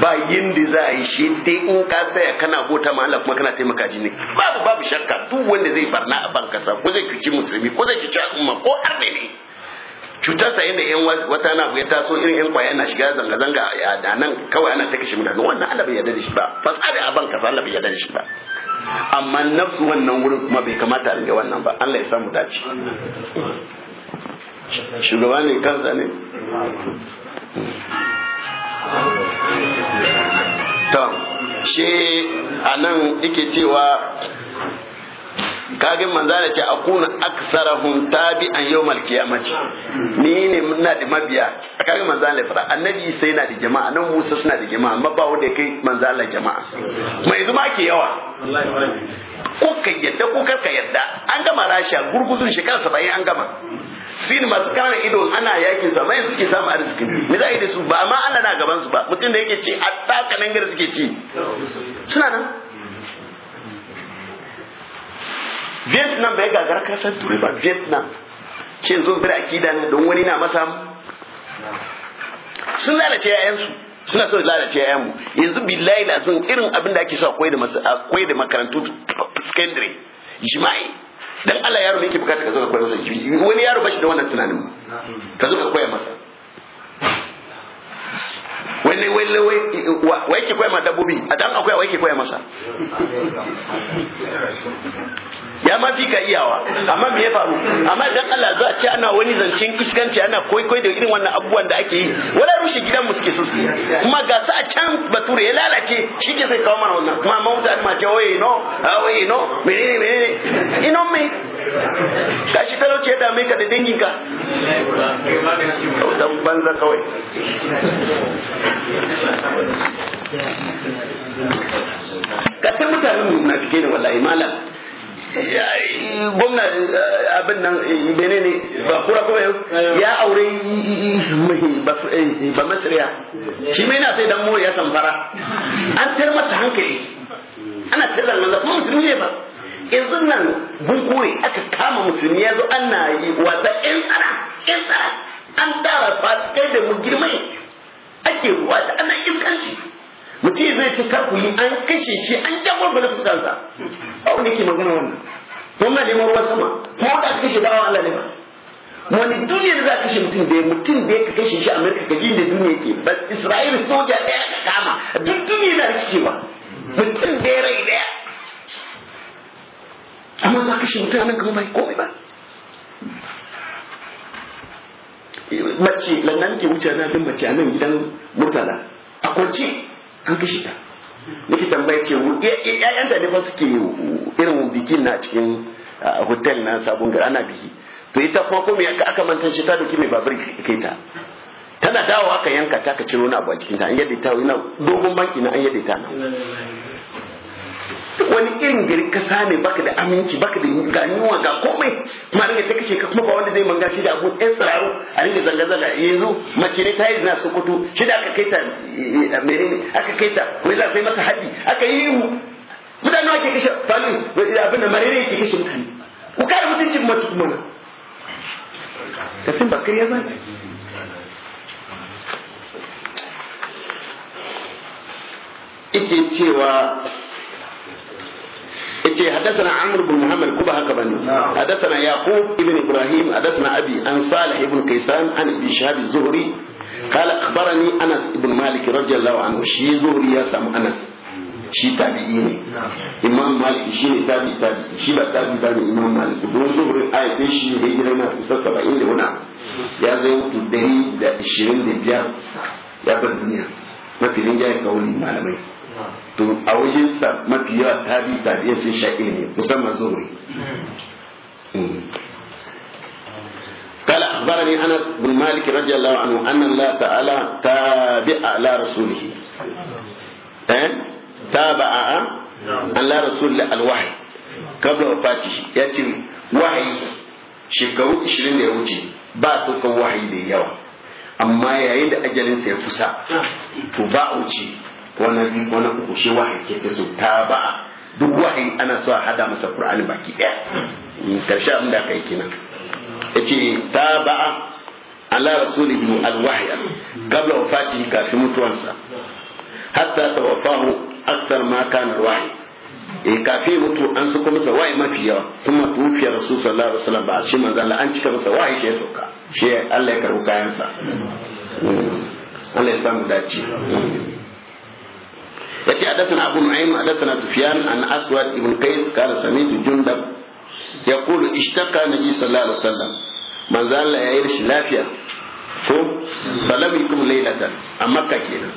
ba yin da za a yi shi dai in ka saya kana bota ma Allah kuma kana taimaka jini babu babu shakka duk wanda zai barna a bankasa ko zai cuci musulmi ko zai cuci al'umma ko arne ne cutarsa yadda yan wata na ya taso irin yan kwaya na shiga zanga-zanga a nan kawai ana ta kashe mutane wannan Allah bai yarda da shi ba fasari a banka Allah bai yarda da shi ba amma nafsu wannan wurin kuma bai kamata a ringa wannan ba Allah ya samu dace shugaba ne kansa ne to shi anan yake cewa kagin manzana ce akuna aksarahum tabi'an yawmal mace. ni ne muna da mabiya A kagin manzana fara annabi sai na da jama'a nan Musa suna da jama'a amma ba wanda kai manzana jama'a mai zuma ke yawa kuka yadda kuka ka yadda an gama rasha gurgudun shekara sabain an gama sin masu kanan ido ana yakin su amma yanzu suke samu arziki me za a yi da su ba amma Allah na gaban su ba mutum da yake ce a tsakanin gari suke ci suna nan vietnam bai gagara kasar turai ba vietnam ce zo bi akida don wani na masa sun lalace yayansu suna so lalace yayanmu yanzu billahi lazim irin abin da ake sa koyi da koyi da makarantu secondary jima'i dan Allah yaro ne yake bukata ka zo ka koyar masa wani yaro bashi da wannan tunanin ka zo ka koya masa wani wani wai ke koya ma dabbobi a dan akwai wai ke koya masa ya ma fi ka iyawa amma me ya faru amma dan Allah zuwa ce ana wani zancen kiskanci ana koi da irin wannan abubuwan da ake yi wala rushe gidan mu suke so su kuma ga su a can bature ya lalace shi ke sai kawo mana wannan kuma amma mutane ma ce oye no oye ah, no menene menene ino me ka gashi talauci ya dame ka da dangin ka dan banza kawai ka ta mutanen mu na fike ne wallahi malam gwamna eh, abin nan bene eh, ne ba kura kuma ya aure ba eh, masriya shi mai na sai dan mori ya samfara an tar masa hankali ana tar da kuma musulmi ne ba yanzu nan bunkure aka kama musulmi ya zo ana yi wata yan tsara yan tsara an tara fasikai da mugirmai ake wata ana iskanci mutum zai ci karku yi an kashe shi an jagwar da fuskansa a wani ke magana wannan na neman ruwa sama ko da kashe bawa Allah ne ba wani duniya da za ka kashe mutum da mutum da ya kashe shi Amurka ka da duniya ke ba Isra'il soja daya ka kama duk duniya na ba mutum da ya rai daya amma za ka kashe mutum anan gaba bai komai ba mace lannan ke wuce na din mace anan gidan murtala a kwance an kashe ta nake tambaya ce ya'yan da ne suke irin bikin na cikin ah, hotel na sabon gari ana biki to ita kuma ko me aka manta shi ta doki mai babur kai ta tana dawo aka yanka ta ka ciro na abu a cikin ta an yadda ta wani dogon banki na an yadda ta na wani irin gari ka ne baka da aminci baka da ganuwa ga komai kuma ringa ta kashe ka kuma ba wanda zai manga shi da abu ɗan tsiraro a ringa zanga zanga yanzu mace ne ta yi na sokoto shi da aka kaita eh, ne aka ta wai za a kai mata haddi aka yi ihu mutane ake kashe falin abin da ne ke kashe mutane ku kare mutuncin mutum mana kasin ba ya ba ike cewa Ace hadathana amr ibn muhammad ba haka bane hadathana yaqub ibn ibrahim hadathana abi an salih ibn kaysan an abi shahab az-zuhri قال اخبرني انس بن مالك رضي الله عنه شي زهري يا سام انس shi tabi'i ne imam malik shi ne tabi tabi tabi ba ne imam malik don zuhurin ayyukan shi da gida na kusa saba'in da wuna ya zai mutu dari da ashirin da biyar ya bar duniya mafi rinjaye kawulin malamai to a wajen sa mafi yawa tabi tabiyan sun sha ilimi musamman zuhuri قال أخبرني أنس بن مالك رضي الله عنه أن الله تعالى تابع على رسوله تابع على رسول الوحي قبل وفاته يأتي وحي shekaru 20 da ya wuce ba su kan wahayi da yawa amma yayin da ajalin ya kusa to ba wuce ko na biyu ko na uku shi wahayi ke ta ta ba duk wahayi ana so a hada masa qur'ani baki daya mm, karshe abin da aka yi yace ta ba ala rasulihi alwahya qabla wafatihi kafin mutuwansa hatta tawafahu akthar ma kana alwahyi E kafin mutu an suka masa wahayi mafi yawa sun tufiya rasul sallallahu alaihi wasallam ba a ce manzo Allah an cika masa wahayi shi ya sauka shi Allah ya karbu kayansa mm, Allah ya samu dace mm. yace hadathana abu nu'aym hadathana sufyan an aswad ibn qais qala sami'tu jundab yaqulu ishtaqa nabi sallallahu alaihi wasallam manzo Allah ya yi shi lafiya ko falam yakum laylatan a makka kenan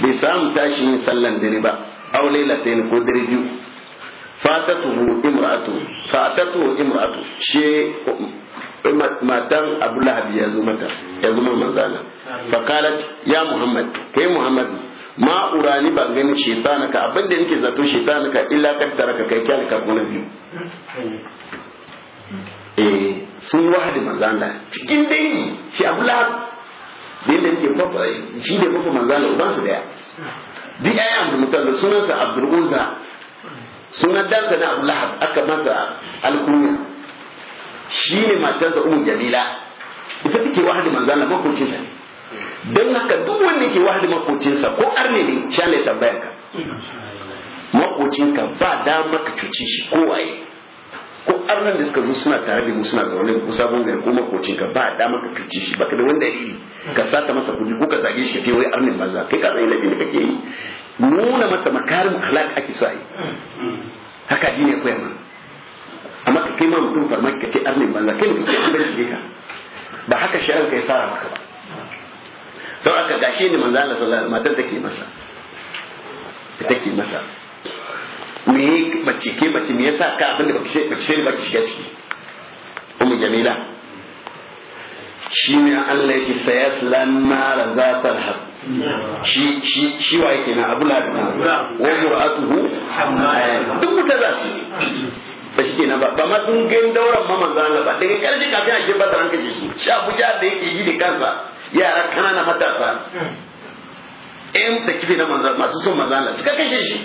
bai samu tashi yin sallan dare ba aw laylatayn ko dare biyu fatatuhu imra'atu fatatuhu imra'atu she matan abu lahab ya zo mata ya zo manzana fa ya muhammad kai muhammad ma urani ban gani shaitanaka abin da nake zato ka illa kaddara ka kai kyal ka gona biyu eh sun wahadi manzala cikin dangi shi abu din da yadda nake fafa shi ne fafa manzala ubansu daya duk ayi da mutan da sunansa abdul uzza sunan dansa na abu aka masa alkunya shi ne matansa umu jamila ita take wahadi manzala makwacin sa ne don haka duk wanda ke wahali makocinsa ko arne ne shi ne tambayar ka makocinka ba dama ka cuci shi ko waye ko arnan da suka zo suna tare da mu suna zaune ko sabon gari ko makocinka ba dama ka cuci shi baka da wanda yake ka sata masa kuji ko ka zage shi ka ce wai arnin banza kai ka zai laifin da kake yi nuna masa makarin akhlaq ake so a yi haka ji ne koyar amma ka kai ma mutum farmaki ka ce arnin banza kai ne ka ce ka ba haka shari'a ka yi sara maka ba sau aka gashi ne manzo Allah sallallahu alaihi wasallam take masa take masa me mace ke mace me yasa ka abin da bace sai mace ne baki shiga ciki ummu jamila shi ne Allah yake sayaslan nara zatar har shi shi shi wa yake na abu labi wa mur'atuhu duk mutan za su shi kenan ba ma sun gani dauran ma manzo Allah ba daga karshe kafin a ke ranka shi shi abuja da yake yi da kansa yara kanana matasa in hmm. da kifi na manzan masu son manzan suka kashe shi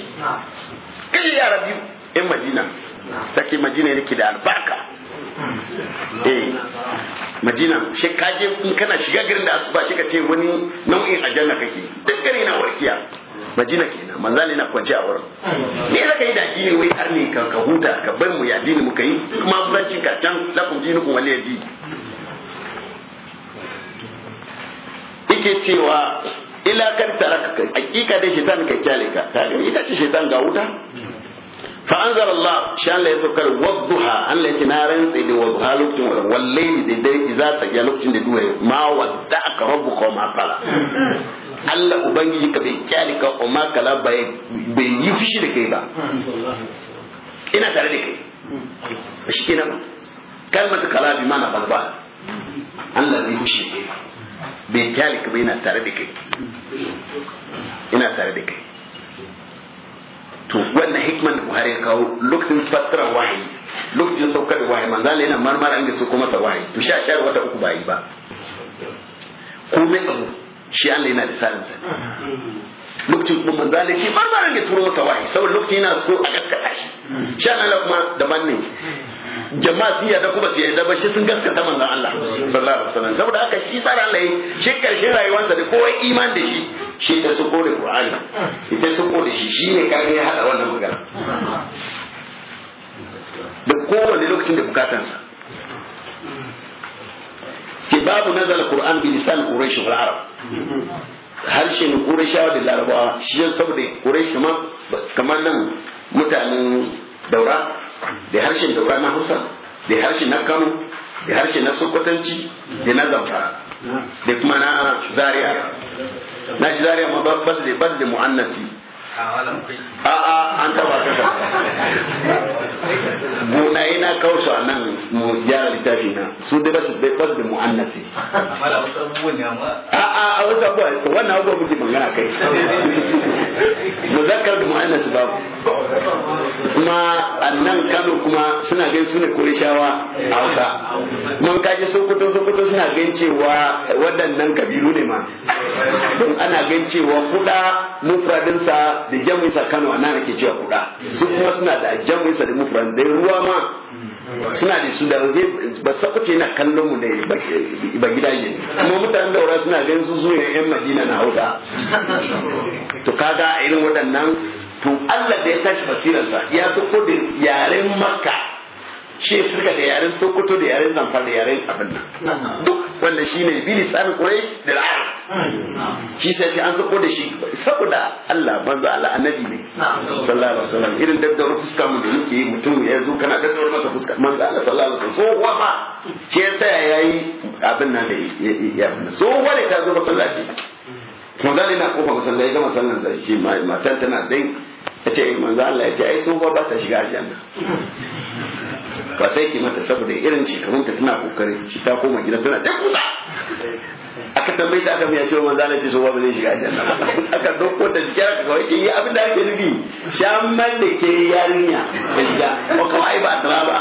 kashe yara biyu in majina ke majina yake da albarka hmm. eh majina shi kaje in kana shiga garin da asuba shi ka ce wani nau'in aljanna kake duk gari na warkiya majina kenan manzali na kwance a wurin hmm. me zaka yi da ne wai har ne ka huta ka bar mu ya jini mu kai kuma zancin ka can lakum ya ji. yake cewa ila kan taraka hakika da shaitan ka kyale ka ga ita ce shaitan ga wuta fa anzar Allah shi Allah ya saukar wadduha Allah yake na rantsi da wadduha lokacin wallahi da dare idza ga lokacin da duwaye ma wadda rabu ko ma fala Allah ubangiji ka bai kyale ka o ma kala bai bai yi fushi da kai ba ina tare da kai shi kenan kalmatu kala bi mana balba Allah bai fushi bai talik ba yana tare da kai ina tare da kai to wannan hikman da Buhari ya kawo lokacin fassara wahayi lokacin saukar da wahayi manzo Allah yana marmara an su kuma sa wahayi to sha sha wata uku bai ba komai abu shi Allah yana da sanin sa lokacin kuma manzo Allah ke marmara an sa wahayi saboda lokacin yana so a kakkata shi sha Allah kuma daban ne jama'a sun yarda kuma ba su yarda ba shi sun gaskata manzon Allah sallallahu alaihi wasallam saboda haka shi tsara Allah yi shi karshen rayuwarsa da kowa iman da shi shi ta su kore Qur'ani ita su kore shi shi ne kare ya hada wannan magana da kowane lokacin da sa ke babu nazala Qur'an bi lisan Quraysh wal Arab harshen Qurayshawa da Larabawa shi saboda Quraysh kamar kamar nan mutanen daura da harshen daura na hausa da harshen na kano da harshen na sokotanci da na zamfara da kuma na zaria na ji zaria ma ba su da mu'annasi a'a an taba ka buɗaye na kawo a nan mu gyara littafi na su dai basu da basu da mu'annasi a'a a wasu abubuwa wannan abubuwa muke magana kai muzakkar da mu'annasi babu kuma a nan kano kuma suna gai su ne kurishawa a hauka mun kaji sokoto sokoto suna gan cewa waɗannan kabilu ne ma don ana gan cewa kuɗa mufradinsa da jami'insa kano a nan ake cewa kuda su kuma suna da jami'insa da mufran da ruwa ma suna da su da zai ba sabace na kallon mu da ba gida ne amma mutanen daura suna da su zuwa yan madina na hausa to kaga irin waɗannan to Allah da ya tashi basirarsa ya so ko da yaren makka shi suka da yaren kuto da yaren zamfar da yaren abin nan duk wanda shi ne bi tsarin quraish da al'arab shi sai ce an sako da shi saboda Allah manzo Allah annabi ne sallallahu alaihi wasallam irin da daddawar fuska mu da yake mutum ya zo kana da daddawar masa fuska manzo Allah sallallahu alaihi wasallam so wafa ke sai yayi abin nan da ya so wale ta zo masallaci manzo Allah na kofa masallaci ga masallan sai ce matan tana din ta ce manzo Allah ya ce ai so ba ta shiga aljanna Ka sai ki mata saboda irin shekarun ta tana kokari shi ta koma gida tana ta kuta aka tambayi da aka miya cewa manzo Allah ce so ba zai shiga aljanna aka dauko ta cikin aka kawai ce yi abin da ake nufi shaman da ke yarinya ta shiga ko kawai ba tara ba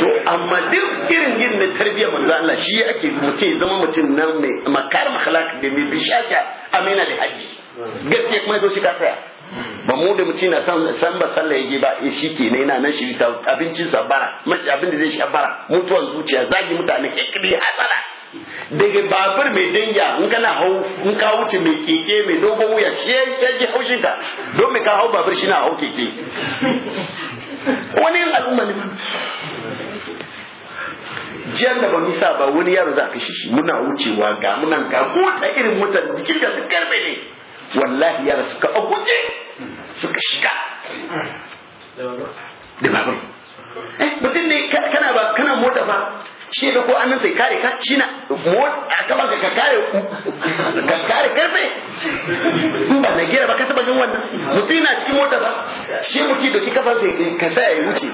to amma duk irin yin na tarbiyyar manzo Allah shi ake mutum zama mutum nan mai makar makhlaq da mai bishaja amina da haji gaskiya kuma zo shi ka tsaya ba mu da mutum na san ba sallah yake ba eh, shi ke na nan shi ta abincin sa bara abin da zai shi bara mutuwan zuciya zagi mutane kekiri hatsara daga babur mai danja in kana hau in ka wuce mai keke mai dogon wuya shi ya ji haushin ka don mai ka hau babur shi na hau keke wani al'umma ne jiyar da ba nisa ba wani yaro za ka shi muna wucewa ga muna ga kota irin mutan jikin da su karbe ne wallahi yara suka a suka shiga da babur eh, mutum ne kana kana mota ba shi da ko nan sai kare ka shi na a kaban ka kare ka kare karfe in ba Najeriya ba ka taba jin wannan mutum na cikin mota ba shi mutum doki kafan sai ka sa ya wuce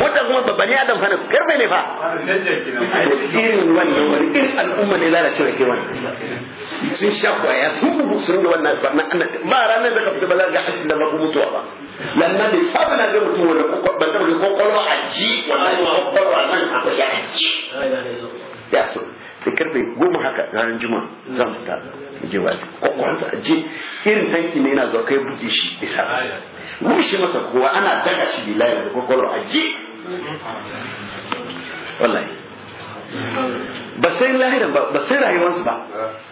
mota kuma babban ya adam fana karfe ne fa irin wannan wani irin al'umma ne lalace da ke wannan sun sha kwaya sun bugu sun da wannan ba ranar da ka fita ba za ka da ba mutuwa ba lamma da sabu na ga mutum wanda ban da kokolwa a ji wallahi kokolwa nan a bashi a ji ya so da karfe goma haka ranar juma zan fita je ba ko kokolwa a ji irin tanki ne yana zuwa kai buge shi isa shi masa kowa ana daga shi bilayi da kokolwa a ji wallahi ba sai lahiran ba ba sai rayuwarsu ba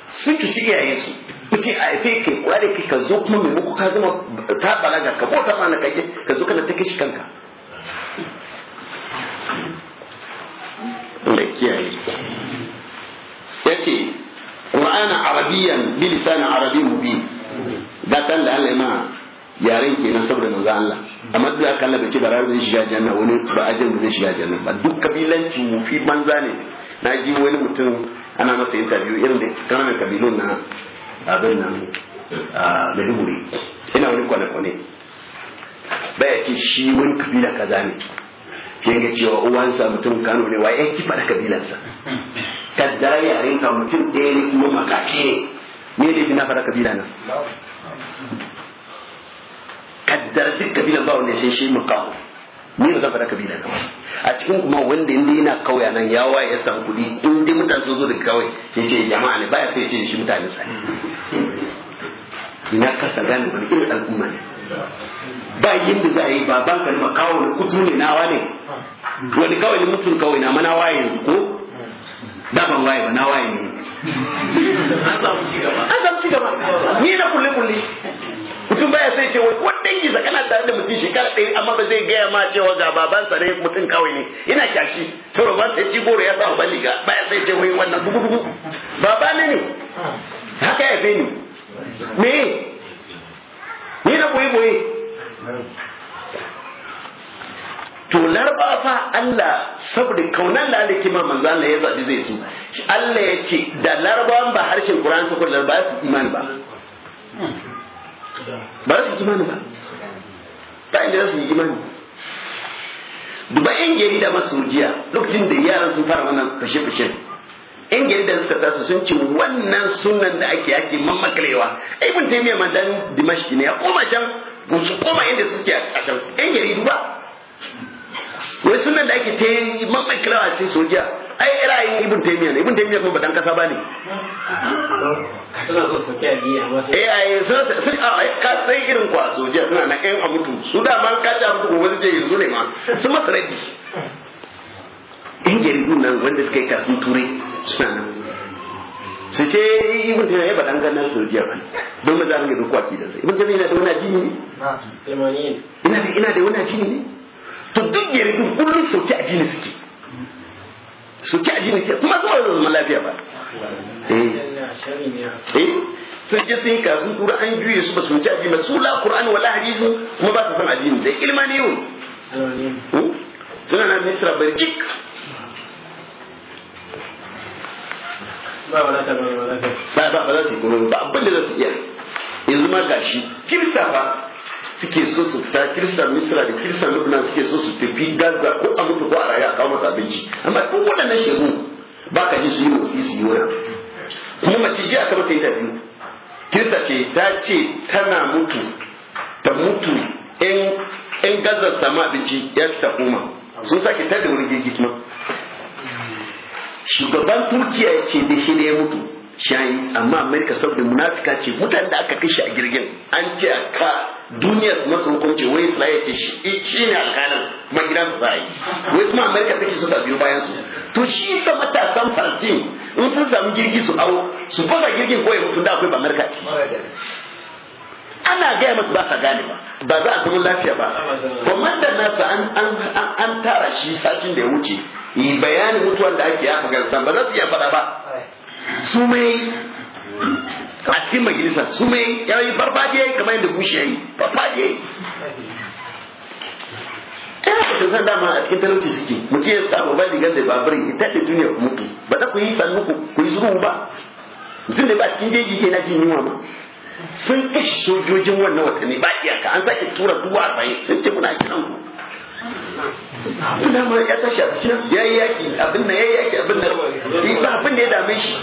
sun kici iyayensu kuce a haife kai kula da kai ka zo kuma maimako ka zama ta balaga ka bauta ma na kake ka zo kana ta kashi kanka Allah kiyaye yace qur'ana arabiyan bi lisan arabi mubin da kan da Allah ma yaren ke kenan saboda manzo Allah amma duk aka Allah bai ce barar zai shiga janna wani ba ajin ba zai shiga janna ba duk kabilanci mu fi banza ne na ji wani mutum ana masa interview irin da kananan kabilun na abin nan a maiduguri ina wani kwane-kwane baya ce shi wani kabila kaza ne ke ga cewa uwansa mutum kano ne wa ya kifa da kabilansa kaddara yaren ka mutum ɗaya ne kuma makaci ne ne da na fara kabila nan kaddara duk kabilan ba wanda sai shi kawo. ni ba zan faɗa kabila na a cikin kuma wanda inda yana kauya nan ya waye ya san kuɗi in dai mutane sun zo daga kawai ya ce jama'a ne baya sai ce shi mutane sa ina kasa gane wani irin al'umma ne ba yadda za a yi baban ka ba kawo da kutu ne nawa ne wani kawai ne mutum kawai na mana waye yanzu ko da ban waye ba na waye ne an samu cigaba an samu cigaba ni na kulle kulle mutum baya sai ce wai wannan yi zakana tare da mutum shekara ɗaya amma ba zai gaya ma cewa ga babansa ne mutum kawai ne yana kyashi saboda ba sai ci goro ya sa ban liga baya sai ce wai wannan dubu dubu baba ne ne haka ya ni me ni na boye boye to larba fa Allah saboda kaunan da Allah ma manzo Allah ya zabi zai so Allah ya ce da larba ba harshen Qur'an su ko larba imani ba ba su imani ba ta inda su yi imani duba yan jarida masu jiya lokacin da yaran sun fara wannan fashe fashe yan jarida suka tasu sun ce wannan sunan da ake yaki mamakalewa ta yi man dan dimashki ne ya koma can su koma inda suke a can yan jaridu ba wai sunan da ake ta yi mamman kira a cikin sojiya ai yin ibn taymiya ne ibn taymiya kuma ba dan kasa ba ka sai irin kwa sojiya suna na abutu su da ma ka abutu zai yanzu ne ma su masa rabi in nan wanda suka yi kafin turai suna nan su ce ibn taymiya ba dan ganin sojiya ba don ma za mu kwaki da sai ibn da wani ajini ne ina da wani ajini ne to duk gari din kullum soke addini suke soke addini suke kuma zuwa da lafiya ba eh. eh sun je sun yi kasu kura an juye su ba su wuce addini su la qur'ani wala hadisi kuma ba su san addini da ilma ne yau hmm? suna na misra barjik ba ba ba za su yi kuma ba abin da za su iya yanzu ma gashi kirista ba suke so su fita kirista misira. da kirista lubna suke so su tafi gaza ko a mutu ko a rayu a kawo masa abinci amma ko waɗannan nan ba ka ji su yi motsi su yi wani kuma mace ji aka mata yi da biyu kirista ce ta ce tana mutu ta mutu in gaza sama abinci ya fita koma sun sake tada wani girgit ma shugaban turkiya ya ce da shi ne ya mutu shayi amma amerika saboda munafika ce mutane da aka kashe a girgin an ce a ka duniyar su masu hukunci wani su laye ce shi shi ne alkanar kuma su za a yi wai kuma amerika take so ta biyo bayan su to shi ta matasan palestine in sun samu girgi su aro su fasa girgin ko ya da akwai ba amerika ce ana gaya masu ba sa gane ba ba za a zama lafiya ba kwamandan nasa an tara shi sacin da ya wuce yi bayanin mutuwar da ake yi a afghanistan ba za su iya faɗa ba su mai a cikin majalisa su mai yayi farfaje kamar yadda bushi yayi farfaje eh da san dama a cikin talauci suke mutum ya samu ba digan da babirin ita da duniya ku mutu ba za ku yi sannu ku yi zuru ba mutum da ba cikin jeji ke na jin yunwa ma sun kashe sojojin wannan watanni ba iyaka an sake tura dubu arba'in sun ce muna kiran ku Ina ya tashi a cikin ya yi yaki abin nan ya yi yaki abin nan ba abin da ya dame shi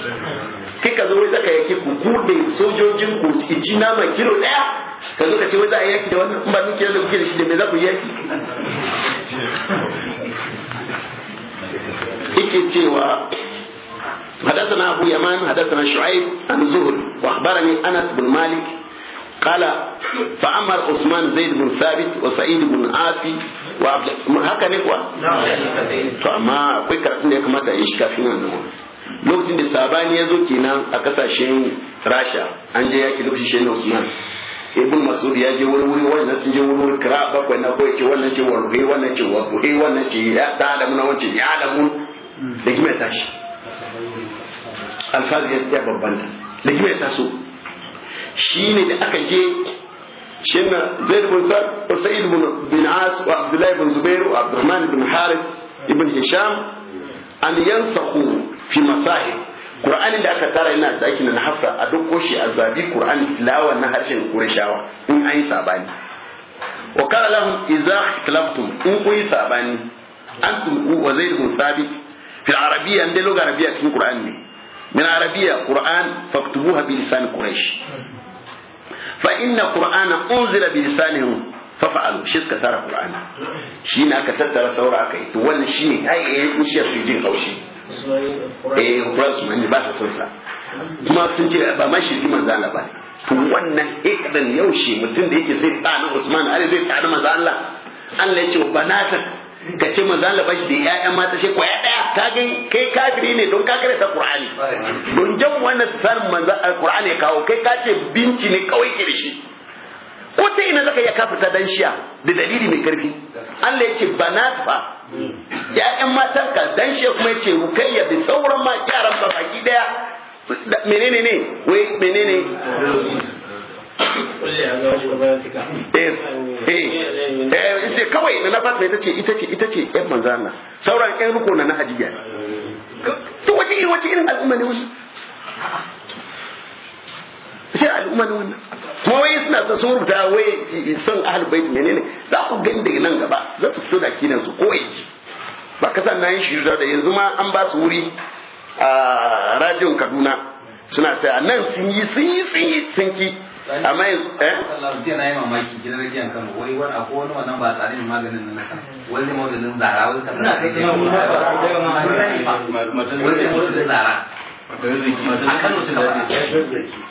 kai ka zo wai zaka yake ku gude sojojin ku ji nama kilo daya ka zo ka ce wai za a yaki da wannan in ba nuke da kuke da shi da me za ku yaki yake cewa حدثنا أبو يمان حدثنا شعيب عن زهر وأخبرني أنس بن مالك قال فأمر عثمان زيد بن ثابت وسعيد بن عاصي وعبد هكا نكوى فما كويكا كما تعيش lokacin da sabani ya zo kenan a kasashen rasha an je yaki lokacin shi na usman ibn masud ya je wuri wuri wannan sun je wuri wuri kira bakwai na kawai ce wannan ce warbe wannan ce warbe wannan ce ya da da mun wancan ya da da kime tashi alfazi ya tsaya babban da da kime taso ne da aka je shinna zaid bin sa wa sa'id bin as wa abdullahi bin zubair wa abdurrahman bin harith ibn hisham an yansaqu fi masahib Qur'ani da aka tara yana zakin na Hafsa a duk koshi a zabi Qur'ani tilawa na harshen Qurayshawa in an yi sabani wa qala lahum idza ikhtalaftum in ku yi sabani antum ku wa zaid bin thabit fi arabiyya da lugar arabiyya cikin Qur'ani ne min arabiyya Qur'an faktubuha bi lisan quraish fa inna Qur'ana unzila bi lisanihim fafa'alu shi suka tara qur'ani shi ne aka tattara saura aka yi to wannan shi ne ai eh kushiyar su jin haushi eh cross mani ba ta sa, kuma sun ce ba ma shi manzo Allah ba to wannan yau shi mutum da yake zai tsana Usman Ali zai tsana manzo Allah Allah ya ce banatan ka ce manzo Allah shi da ƴaƴan mata sai kwaya daya ka ga kai kafiri ne don ka karanta Qur'ani don jan wannan san manzo Qur'ani ya kawo kai ka ce binci ne kawai kirshi ko ta ina zaka iya kafirta dan shiya da dalili mai karfi Allah ya ce banat fa ya'yan matan ka dan shiya kuma ya ce rukayya da sauran ma yaran ba baki daya menene ne wai menene eh, eh, eh ce kawai na nafat mai tace ita ce ita ce yan manzana sauran yan ruko na na hajiya to wace irin al'umma ne wani sai al'umma ne wannan kuma wai suna ta sun rubuta wai son ahlul bait menene za ku gani daga nan gaba za su fito da kinan su ko yaji ba kasan na yin shirya da yanzu ma an ba su wuri a radiyon Kaduna suna ta nan sun yi sun yi sun yi sun ki amma yanzu eh Allah na yi mamaki gidan rajiyan kan wai wani akwai wani wannan ba tsare ne maganin nan sa wani da maganin zara wani kan suna kai sai mun ba ba mutum wani da zara a Kano da ba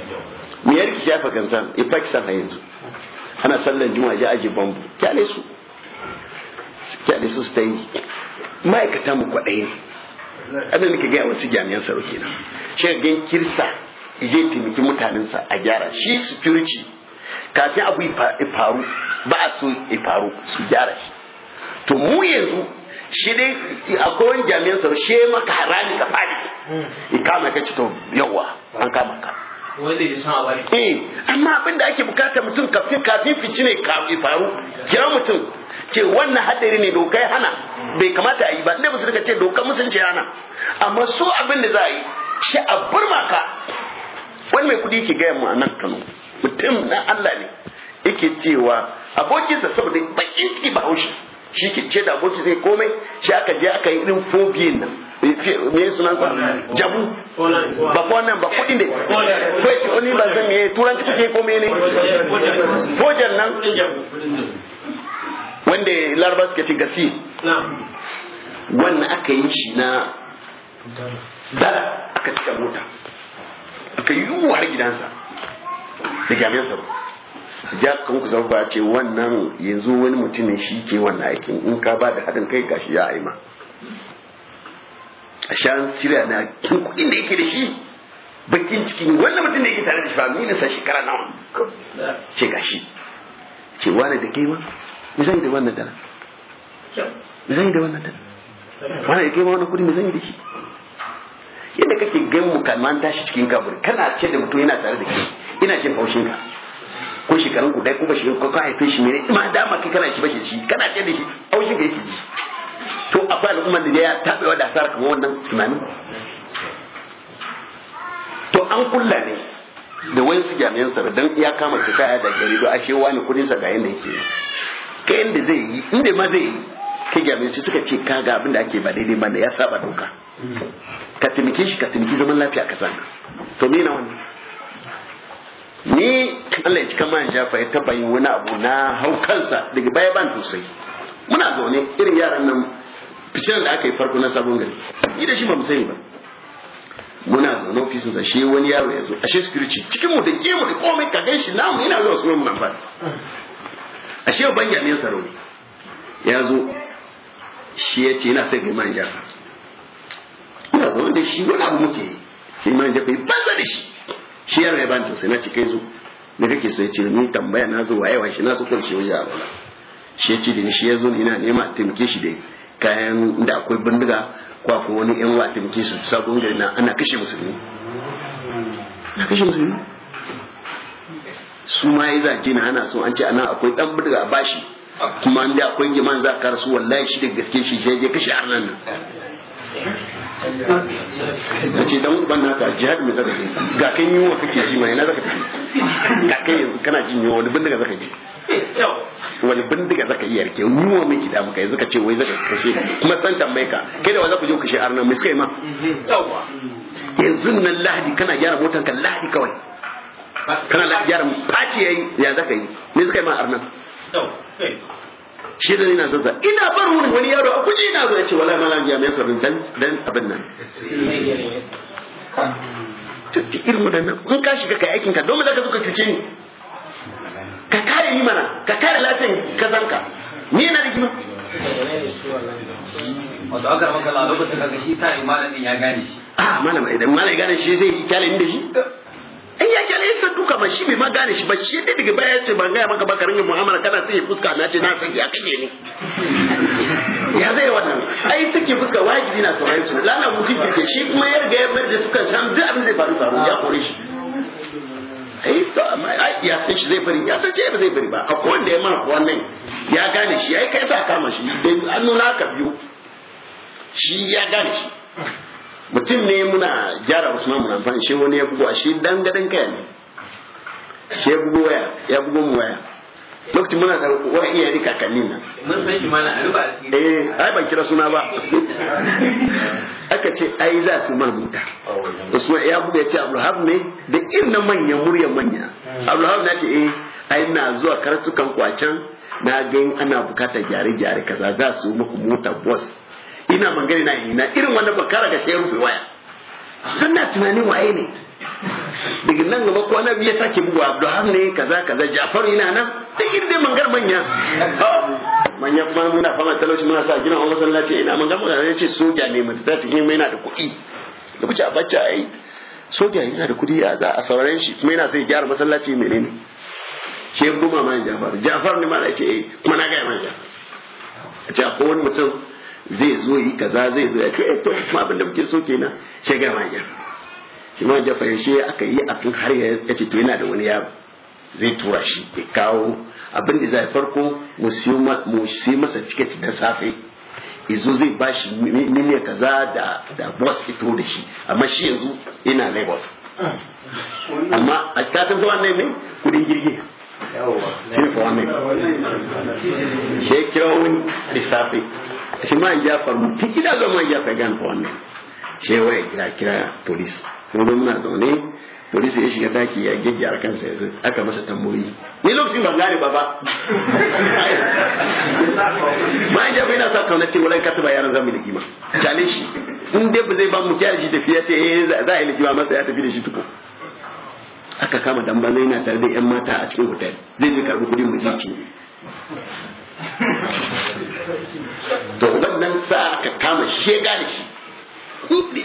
mu ki shafa kansan a Pakistan a yanzu ana sallan juma'a ya aje bambu kyale su kyale su su ta yi ma'aikata mu kwaɗayin ana nika ka gaya wasu jami'an tsaro kenan shi ga gan kirsa zai taimaki mutanensa a gyara shi security kafin abu faru ba su faru su gyara shi to mu yanzu shi dai akwai wani jami'an tsaro shi maka rani ka fadi ikama hmm. ka ci to yawa an kama ka wani san eh amma abin da ake bukata mutum kafin kafin fici ne kafin faru kira mutum ce wannan hadari ne dokai hana bai kamata a yi ba inda musu ka ce doka musulunci hana amma su abin da za a yi shi a burma ka wani mai kudi yake gaya mu a nan Kano mutum na Allah ne yake cewa abokinsa saboda bakin ciki ba haushi shi ke ce da aboki zai komai shi aka je aka yi irin fobiyin nan me sunan sa jabu ba nan ba kudin da ko ce wani ba zan yi turanci kuke komai ne fojan nan wanda laraba suka ce gasi wannan aka yi shi na dala aka cika mota aka yi yiwuwa har gidansa da gamiyar tsaro jakan ku san ba ce wannan yanzu wani mutumin shi ke wannan aikin in ka ba da haɗin kai gashi ya aima a shan siriya na kuɗin da yake da shi bakin cikin wannan mutum da yake tare da shi ba mini sa shekara nawa ce gashi ce wani da kai ma me zai yi da wannan dana me zai yi da wannan dana wani da kai ma wani kuɗi me zan yi da shi yadda kake gan mu kan tashi cikin kaburi kana ce da mutum yana tare da ke ina cin faushin ka ko shekarun ku dai ko ba shi ko ka haife shi mene ma dama kai kana shi ba shi kana ce da shi shi ga yake ji to akwai al'umma da ya wa da asara kamar wannan tunani to an kulla ne da wani su jami'an sa dan ya kama su kaya da gari do ashe wani kudin sa ga yanda yake kai inda zai yi inda ma zai yi kai jami'an su suka ce kaga abin da ake ba daidai ba da ya saba doka ka taimake shi ka taimaki zaman lafiya ka sana to me na wannan ni Allah ya cika man jafa ya taba yin wani abu na hau kansa daga baya ban tosai muna zaune irin yaran nan ficen da aka yi farko na sabon gari ni da shi ba mu sani ba muna zaune ofisin sa shi wani yaro ya zo ashe security cikin mu da ke mu da komai ka gan shi namu yana zuwa sunan mun fa ashe ban jami'an tsaro ne ya zo shi ya ce yana sai ga man jafa ina zaune da shi wani abu muke sai man jafa ya banza da shi shi ya ban to sai na kai zu ne kake so ya ce mun tambaya na zo waye washi na so kun shi waje ba shi ya ce da shi ya zo ina nema taimake shi da kayan da akwai bindiga ko akwai wani yan wa taimake shi sabon gari na ana kashe musulmi na kashe musulmi su ma ya zace na ana so an ce ana akwai dan bindiga a bashi kuma inda akwai giman za ka rasu wallahi shi da gaske shi je kashe arnan nan na ce dan ban naka jihad mai zaka yi ga kai wa kake ji mai na zaka yi ga kai yanzu kana jin yunwa wani bindiga zaka ji wani bindiga zaka yi yarke yunwa mai gida muka yanzu ka ce wai zaka kashe kuma san tambaye ka kai da wa za ku kashe arna mai suka ma yanzu nan lahadi kana gyara motar ka lahadi kawai kana gyara faci yayi ya zaka yi me suka yi ma arna shi da ina zazza ina bar wurin wani yaro a kuji ina zo ya ce wala malam ya mai sabin dan dan abin nan tutti da nan in ka shiga kai aikin ka domin zaka zo ka cuce ni ka kare ni mana ka kare lafiyan kazanka ni yana rigima wato aka rabu kala lokacin ga shi ta imanin ya gane shi a ah, malama idan malai gane shi zai yi ni da shi in ya kyale ya san duka ba shi bai ma gane shi ba shi dai daga baya ce ban gaya maka ba ka ringa mu'amala kana sai ya fuska na ce na san ya kake ni ya zai wannan ai take fuska wajibi na sauraron su lana mutum ke shi kuma ya riga ya bar da fuskar san duk abin zai faru faru ya kore shi ai to amma ya san shi zai bari ya san ce ba zai bari ba a kowanne ya mana wannan ya gane shi ai kai ta kama shi dan an nuna ka biyu shi ya gane shi mutum ne muna gyara usman muna ban shi wani ya bugu a shi dan gadan kaya ne shi ya bugu waya ya bugu mu waya lokacin muna da wa iya rika kakanni na mun san shi mana a eh ai ban kira suna ba aka ce ai za su muta usman ya bugu ya ce abdulhab ne da inna manya murya manya abdulhab na ce eh ai na zuwa karatukan kwacan na ga ana bukata gyare-gyare kaza za su muku mota boss ina magana na ina irin wannan ba kara ga sai rufe waya na tunanin waye ne daga nan gaba ko nan ya sake bugu Abdulham ne kaza kaza Ja'far ina nan da irin dai mangar manya manya kuma muna fama talauci muna sa gina wani masallaci ina mangar manya ya ce soja ne mutum ta cikin mai na da kuɗi da kuce a bacci ai soja yana da kuɗi a sauraren shi kuma yana sai gyara masallaci menene shi ya goma mana Ja'far Ja'far ne ma ya ce eh, kuma na ga ya jafar a ce akwai wani mutum zai zo yi kaza zai zo ya ce eh, to ma abin da muke so kenan sai ga ma shi ma ya shi aka yi abin har ya ce to yana da wani yaro zai tura shi ya kawo abin da zai farko mu sai masa tiket da safe izo zai ba shi miliya kaza da da boss fito da shi amma shi yanzu ina lagos ah. amma a katon zuwa ne ne kudin jirgin telefonin shekarun lissafi shi ma jafar mu tun gida zo ma jafar gan fa wannan ce waya kira kira polis mun zo muna zaune polis ya shiga daki ya gyaggyara kansa yanzu aka masa tamboyi ni lokacin ban gane ba ba ma in jafar yana sa kauna ce wala ka taba yaran zamu da kima kyale shi in dai ba zai ba mu kyale shi tafiya ce eh za a yi likima masa ya tafi da shi tuko aka kama dan banza yana tare da yan mata a cikin hotel zai je karbi kudin mu ci to wannan sa aka kama shega da shi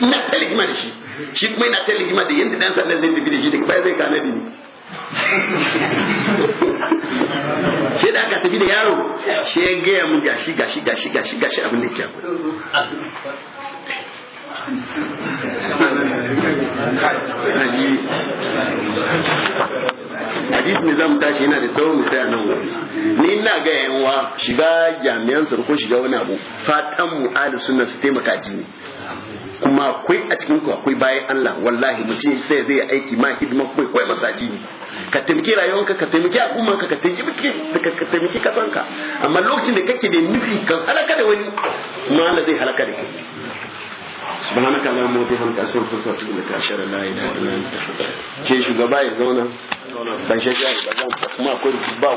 ina ta ligima da shi shi kuma ina ta ligima da yadda dan sandan zai tafi da shi daga baya zai kana da ni sai da aka tafi da yaro shi ya gaya mun gashi gashi gashi gashi gashi abin da ke hadis ne zamu tashi yana da tsawon misali a nan wuri ni ina ga yanwa shiga jami'an tsaro ko shiga wani abu fatan mu ala sunna su taimaka jini kuma akwai a cikin ku akwai bayan Allah wallahi mutum sai zai aiki ma hidima kai kai masajini ka taimaki rayuwanka ka taimaki al'ummanka ka taimaki ka taimaki kasanka amma lokacin da kake da nufi kan halaka da wani ma Allah zai halaka da kai subhanaka allahumma wa bihamdika astaghfiruka wa atubu ilaik ashhadu an la ilaha illa anta astaghfiruka wa atubu ilaik ke shugaba ya zauna kuma akwai